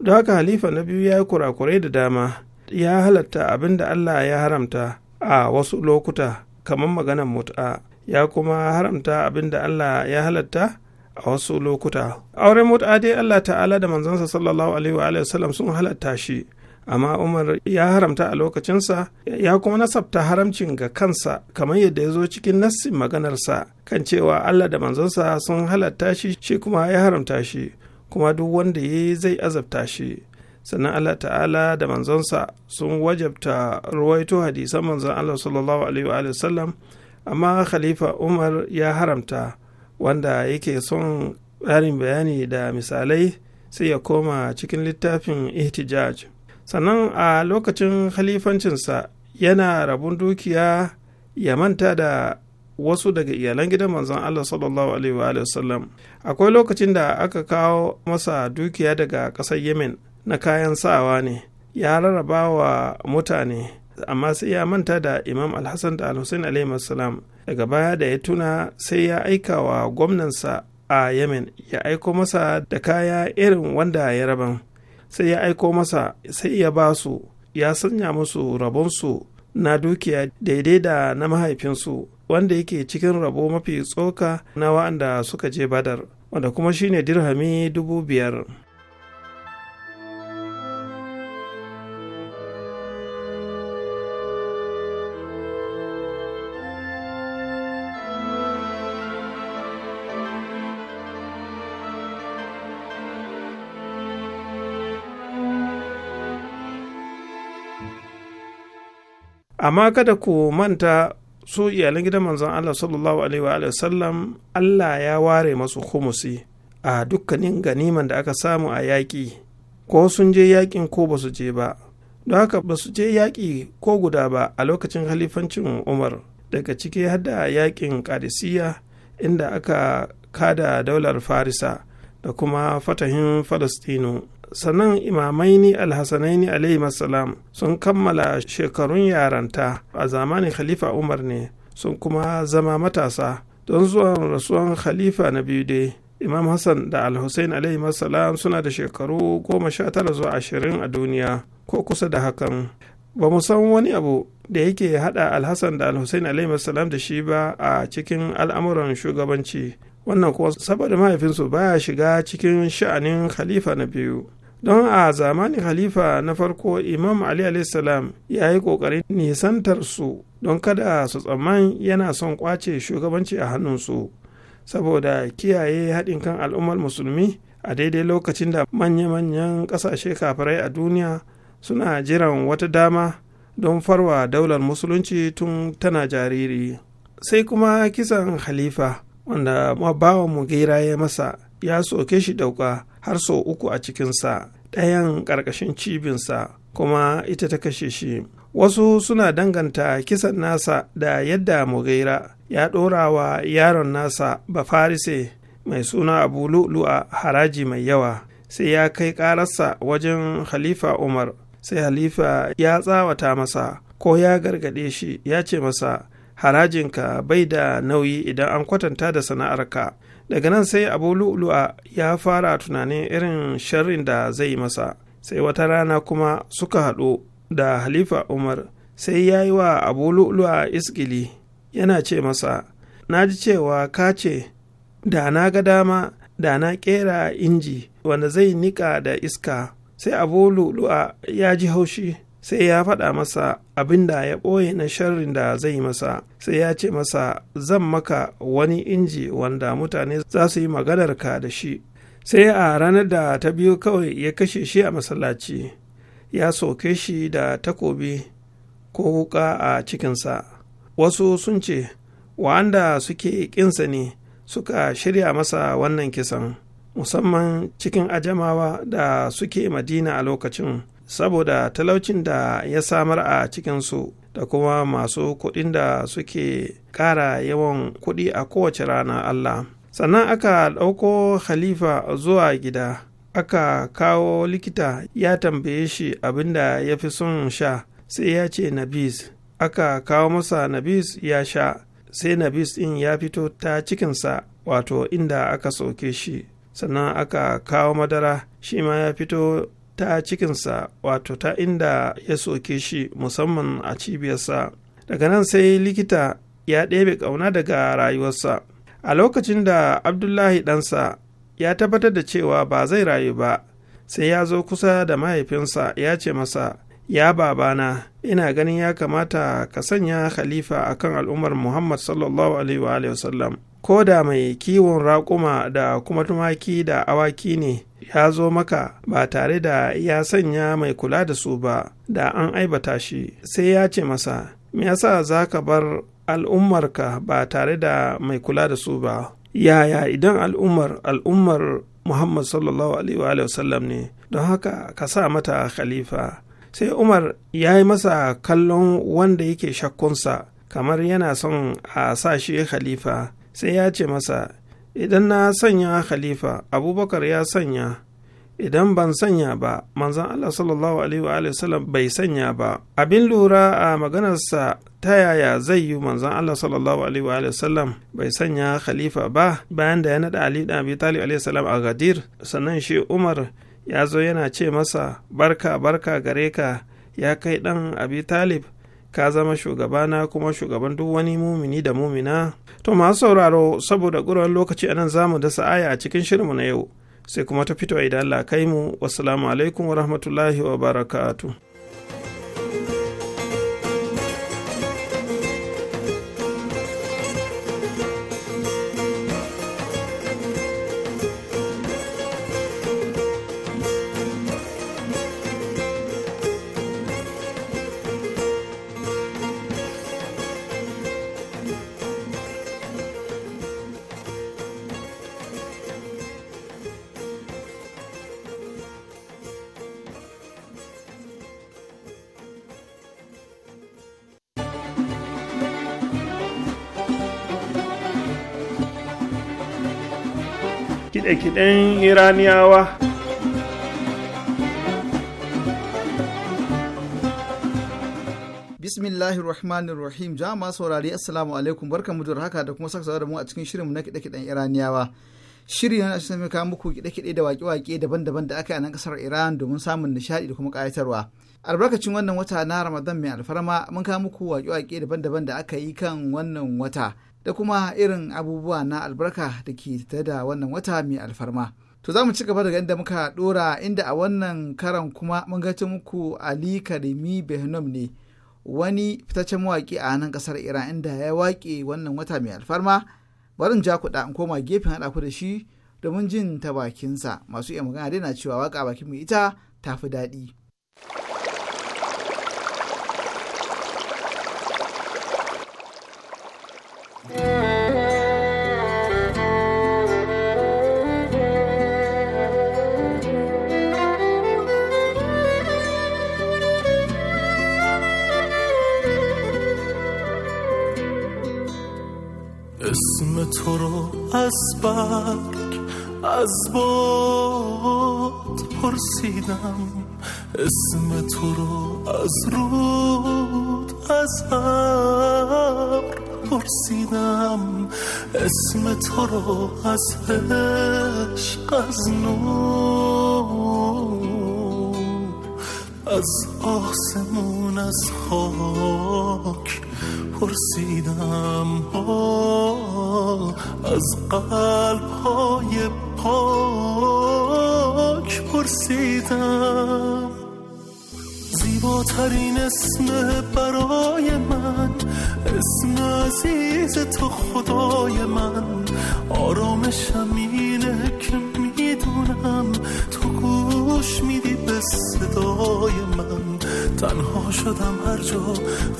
don haka halifa na biyu ya yi kurakurai da dama ya halatta abin da allah ya haramta a wasu lokuta kamar maganar mut'a ya kuma haramta abin da allah ya halatta a wasu lokuta auren mut'a dai allah ta'ala da manzansa sallallahu alaihi wa sallam sun halatta shi amma umar ya haramta a lokacinsa ya kuma nasabta haramcin ga kansa kamar yadda ya zo cikin nassin maganarsa kan cewa allah da manzonsa sun halatta shi shi kuma ya haramta shi kuma duk wanda ya yi zai azabta shi sannan allah ta'ala da manzonsa sun wajabta ruwaito hadisan manzon allah sallallahu alaihi wa sallam amma khalifa umar ya haramta wanda yake son ƙarin bayani da misalai sai ya koma cikin littafin ihtijaj sannan a lokacin halifancinsa yana rabun dukiya ya manta da wasu daga iyalan gidan manzon Allah sallallahu alaihi wa sallam akwai lokacin da aka kawo masa dukiya daga ƙasar Yemen na kayan sawa ne ya rarraba wa mutane amma sai ya manta da Imam Al-Hassan da Al-Hussein alaihi salam daga baya da ya tuna sai ya aika wa gwamnansa a Yemen ya aiko masa da kaya irin wanda ya raban sai ya aiko masa sai ya ba su ya sanya musu rabonsu na dukiya daidai da na mahaifinsu wanda yake cikin rabo mafi tsoka na wa'anda suka je badar wanda kuma shine dirhami dubu biyar amma kada ku manta su iyalin gidan manzon Allah sallallahu alaihi wa sallam Allah ya ware masu humusi a dukkanin ganiman da aka samu a yaƙi ko sun je yaƙin ko ba su je ba don haka ba su je yaƙi ko guda ba a lokacin halifancin umar daga ciki hada yaƙin ƙadisiya inda aka kada daular farisa da kuma fatahin falastinu sannan imamaini alhassanaini alaihi salam sun kammala shekarun yaranta a zamanin khalifa umar ne sun kuma zama matasa don zuwan rasuwan khalifa na biyu dai imam hassan da alhussein suna da shekaru goma sha tara zuwa ashirin a duniya ko kusa da hakan ba mu san wani abu da yake hada alhassan da alhussein da shi ba a cikin al'amuran shugabanci wannan kuwa saboda mahaifinsu baya shiga cikin sha'anin khalifa na biyu don a zamanin halifa na farko imam ali salam ya yi ƙoƙarin nisantar su don kada su tsamman yana son ƙwace shugabanci a hannunsu saboda kiyaye haɗin kan al'ummar musulmi a daidai lokacin da manya-manyan ƙasashe kafirai a duniya suna jiran wata dama don farwa daular musulunci tun tana jariri sai kuma kisan halifa wanda mu gira ya masa ya soke shi dauka har sau uku a cikinsa ɗayan ƙarƙashin cibinsa kuma ita ta kashe shi wasu suna danganta kisan nasa da yadda mugaira ya ɗorawa yaron nasa bafarise mai suna abu a haraji mai yawa sai ya kai ƙararsa wajen halifa umar sai halifa ya tsawata masa ko ya gargaɗe shi ya ce masa harajinka bai da nauyi idan an kwatanta da sana'arka daga nan sai abu lu'lu'a ya fara tunanin irin sharrin da zai masa sai wata rana kuma suka haɗu da halifa umar sai ya yi wa abu lu'lu'a iskili yana ce masa na ji cewa ka ce da na ga dama da na ƙera inji wanda zai niƙa da iska sai abu lu'lu'a ya ji haushi sai ya faɗa masa abin da ya ɓoye na sharrin da zai masa sai ya ce masa zan maka wani inji wanda mutane za su yi maganarka da shi sai a ranar da ta biyu kawai ya kashe shi a masallaci ya soke shi da takobi ko wuka a cikinsa wasu sun ce wa'anda suke ƙinsa ne suka shirya masa wannan kisan musamman cikin ajamawa da suke madina a lokacin saboda talaucin da ya samar a cikinsu da kuma masu kuɗin da suke ƙara yawan kuɗi a kowace rana Allah. Sannan aka ɗauko Khalifa zuwa gida, aka kawo likita ya tambaye shi abin da ya fi son sha, sai ya ce Nabis. Aka kawo masa Nabis ya sha, sai Nabis ɗin ya fito ta cikinsa, wato inda aka soke shi. Sannan aka kawo madara, shi ma ya fito ta cikinsa wato ta inda ya soke shi musamman a cibiyarsa daga nan sai likita ya ɗebe ƙauna daga rayuwarsa a lokacin da abdullahi ɗansa ya tabbatar da cewa ba zai rayu ba sai ya zo kusa da mahaifinsa ya ce masa ya babana ina ganin ya kamata ka sanya khalifa akan al'ummar muhammad sallallahu alaihi wa sallam ko da mai kiwon raƙuma da kuma tumaki da awaki ne ya zo maka ba tare da ya sanya mai kula da su ba da an aibata shi sai ya ce masa me yasa za ka bar al'ummarka ba tare da mai kula da su ba yaya idan al'ummar al'ummar muhammad sallallahu alaihi wasallam ne don haka ka sa mata khalifa sai umar ya yi masa kallon wanda yake shakkunsa kamar yana son a sa shi khalifa sai ya ce masa idan na sanya khalifa abubakar ya sanya idan ban sanya ba manzan allah sallallahu alaihi wa bai sanya ba abin lura a maganarsa ta yaya zai yi manzan allah sallallahu alaihi wa bai sanya khalifa ba bayan da ya naɗa ali da abi talib alaihi a gadir sannan shi umar ya zo yana ce masa barka barka gare ka ya kai ɗan abi talib ka zama shugabana kuma shugaban duk wani mumini da mumina to masu sauraro saboda guran lokaci anan zamu dasa aya a cikin shirinmu na yau sai kuma ta fito idan Allah kai mu wasu alaikum wa rahmatullahi wa barakatuh iraniyawa bismillahir rahmanir rahim jama saurari assalamu alaikum barka da haka da kuma saka da mu a cikin shirinmu na kiɗe-kiɗen iraniyawa shiri na shi mai kawo muku kiɗe-kiɗe da waƙe-waƙe daban-daban da aka yi a nan ƙasar iran domin samun nishaɗi da kuma ƙayatarwa albarkacin wannan wata na ramadan mai alfarma mun kawo muku waƙe-waƙe daban-daban da aka yi kan wannan wata da kuma irin abubuwa na albarka da ke da wannan wata mai alfarma To za mu ci gaba daga inda muka dora inda a wannan karan kuma mun gaci muku Ali Karimi Behnom ne wani fitaccen mawaƙi a nan kasar Iran inda ya wake wannan wata mai alfarma barin ja kuɗa in koma gefen haɗa ku da shi domin jin ta bakinsa masu iya magana dai na cewa waƙa bakin mu ita tafi daɗi. Yeah. از از باد پرسیدم اسم تو رو از رود از هر پرسیدم اسم تو رو از عشق از نور از آسمون از خاک پرسیدم از قلب های پاک پرسیدم زیباترین اسم برای من اسم عزیز تو خدای من آرامشم اینه که میدونم تو گوش میدی به صدای من تنها شدم هر جا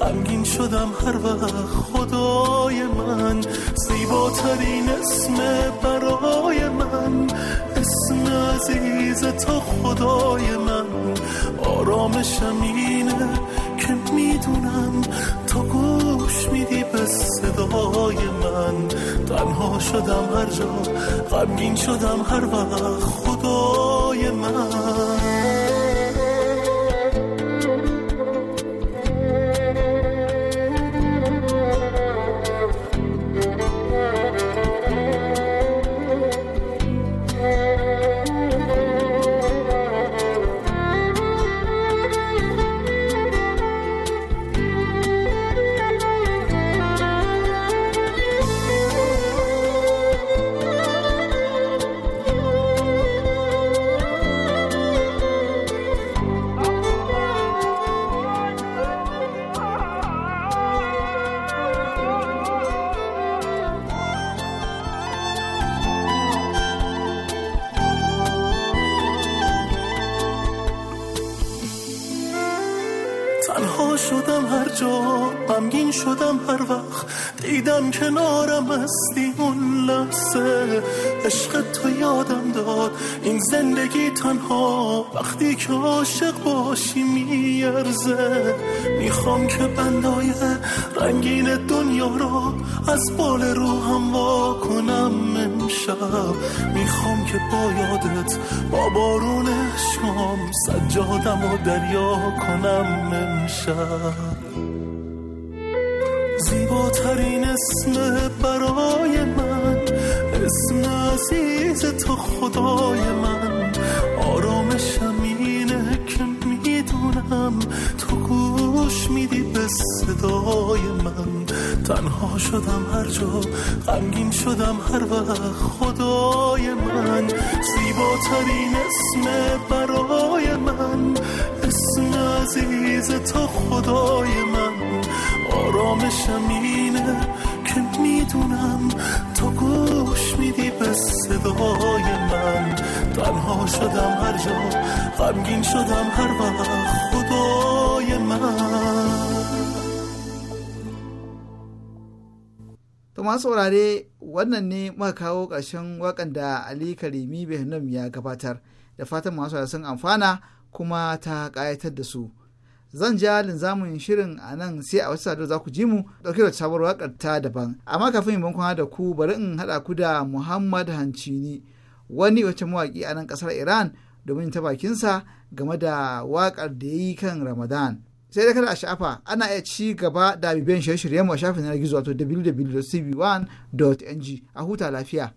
غمگین شدم هر وقت خدای من زیباترین اسم برای من اسم عزیز تا خدای من آرامشم اینه که میدونم تو گوش میدی به صدای من تنها شدم هر جا غمگین شدم هر وقت خدای من دیدم کنارم هستی اون لحظه عشق تو یادم داد این زندگی تنها وقتی که عاشق باشی میارزه میخوام که بندای رنگین دنیا را از بال روحم وا کنم امشب میخوام که با یادت با بارون شام سجادم و دریا کنم امشب زیباترین اسم برای من اسم عزیز تو خدای من آرامشم اینه که میدونم تو گوش میدی به صدای من تنها شدم هر جا غمگین شدم هر وقت خدای من زیباترین اسم برای من اسم عزیز تو خدای من آرامش اینه که میدونم تو گوش میدی به صدای من تنها شدم هر جا غمگین شدم هر وقت خدای من To ma saurare wannan ne muka kawo ƙarshen wakan da Ali Karimi Behnam ya gabatar da fatan masu sun amfana kuma ta ƙayatar da su. zan ja linzamin shirin a nan sai a wasu sadu za ku ji mu Ɗauke da sabuwar waƙar ta daban amma kafin in kwana da ku bari in haɗa ku da muhammad hancini wani wacce mawaƙi a nan ƙasar iran domin ta bakinsa game da wakar da ya yi kan ramadan sai da kada a sha'afa ana iya ci gaba da bibiyan shirye-shiryen mu a shafin yanar gizo wato www.cb1.ng a huta lafiya.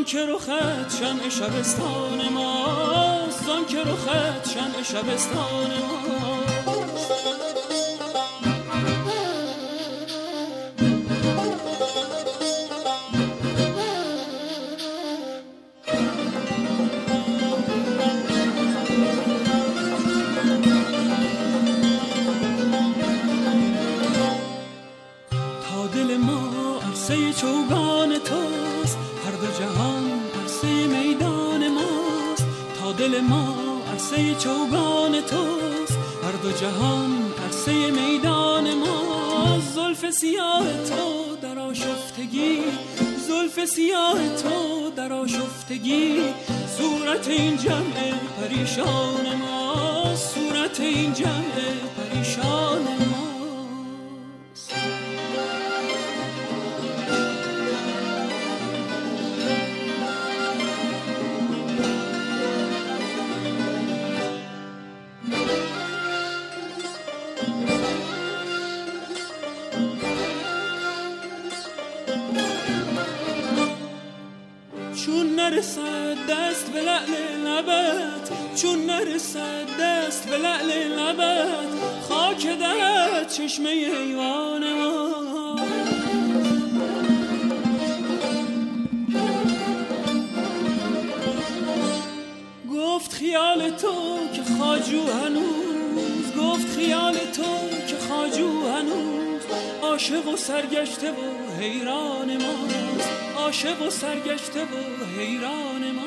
زان که رو خد شمع شبستان ماست زان که رو خد شمع شبستان ماست این جمع پریشان سرگشته و حیران ما عاشق و سرگشته و حیران ما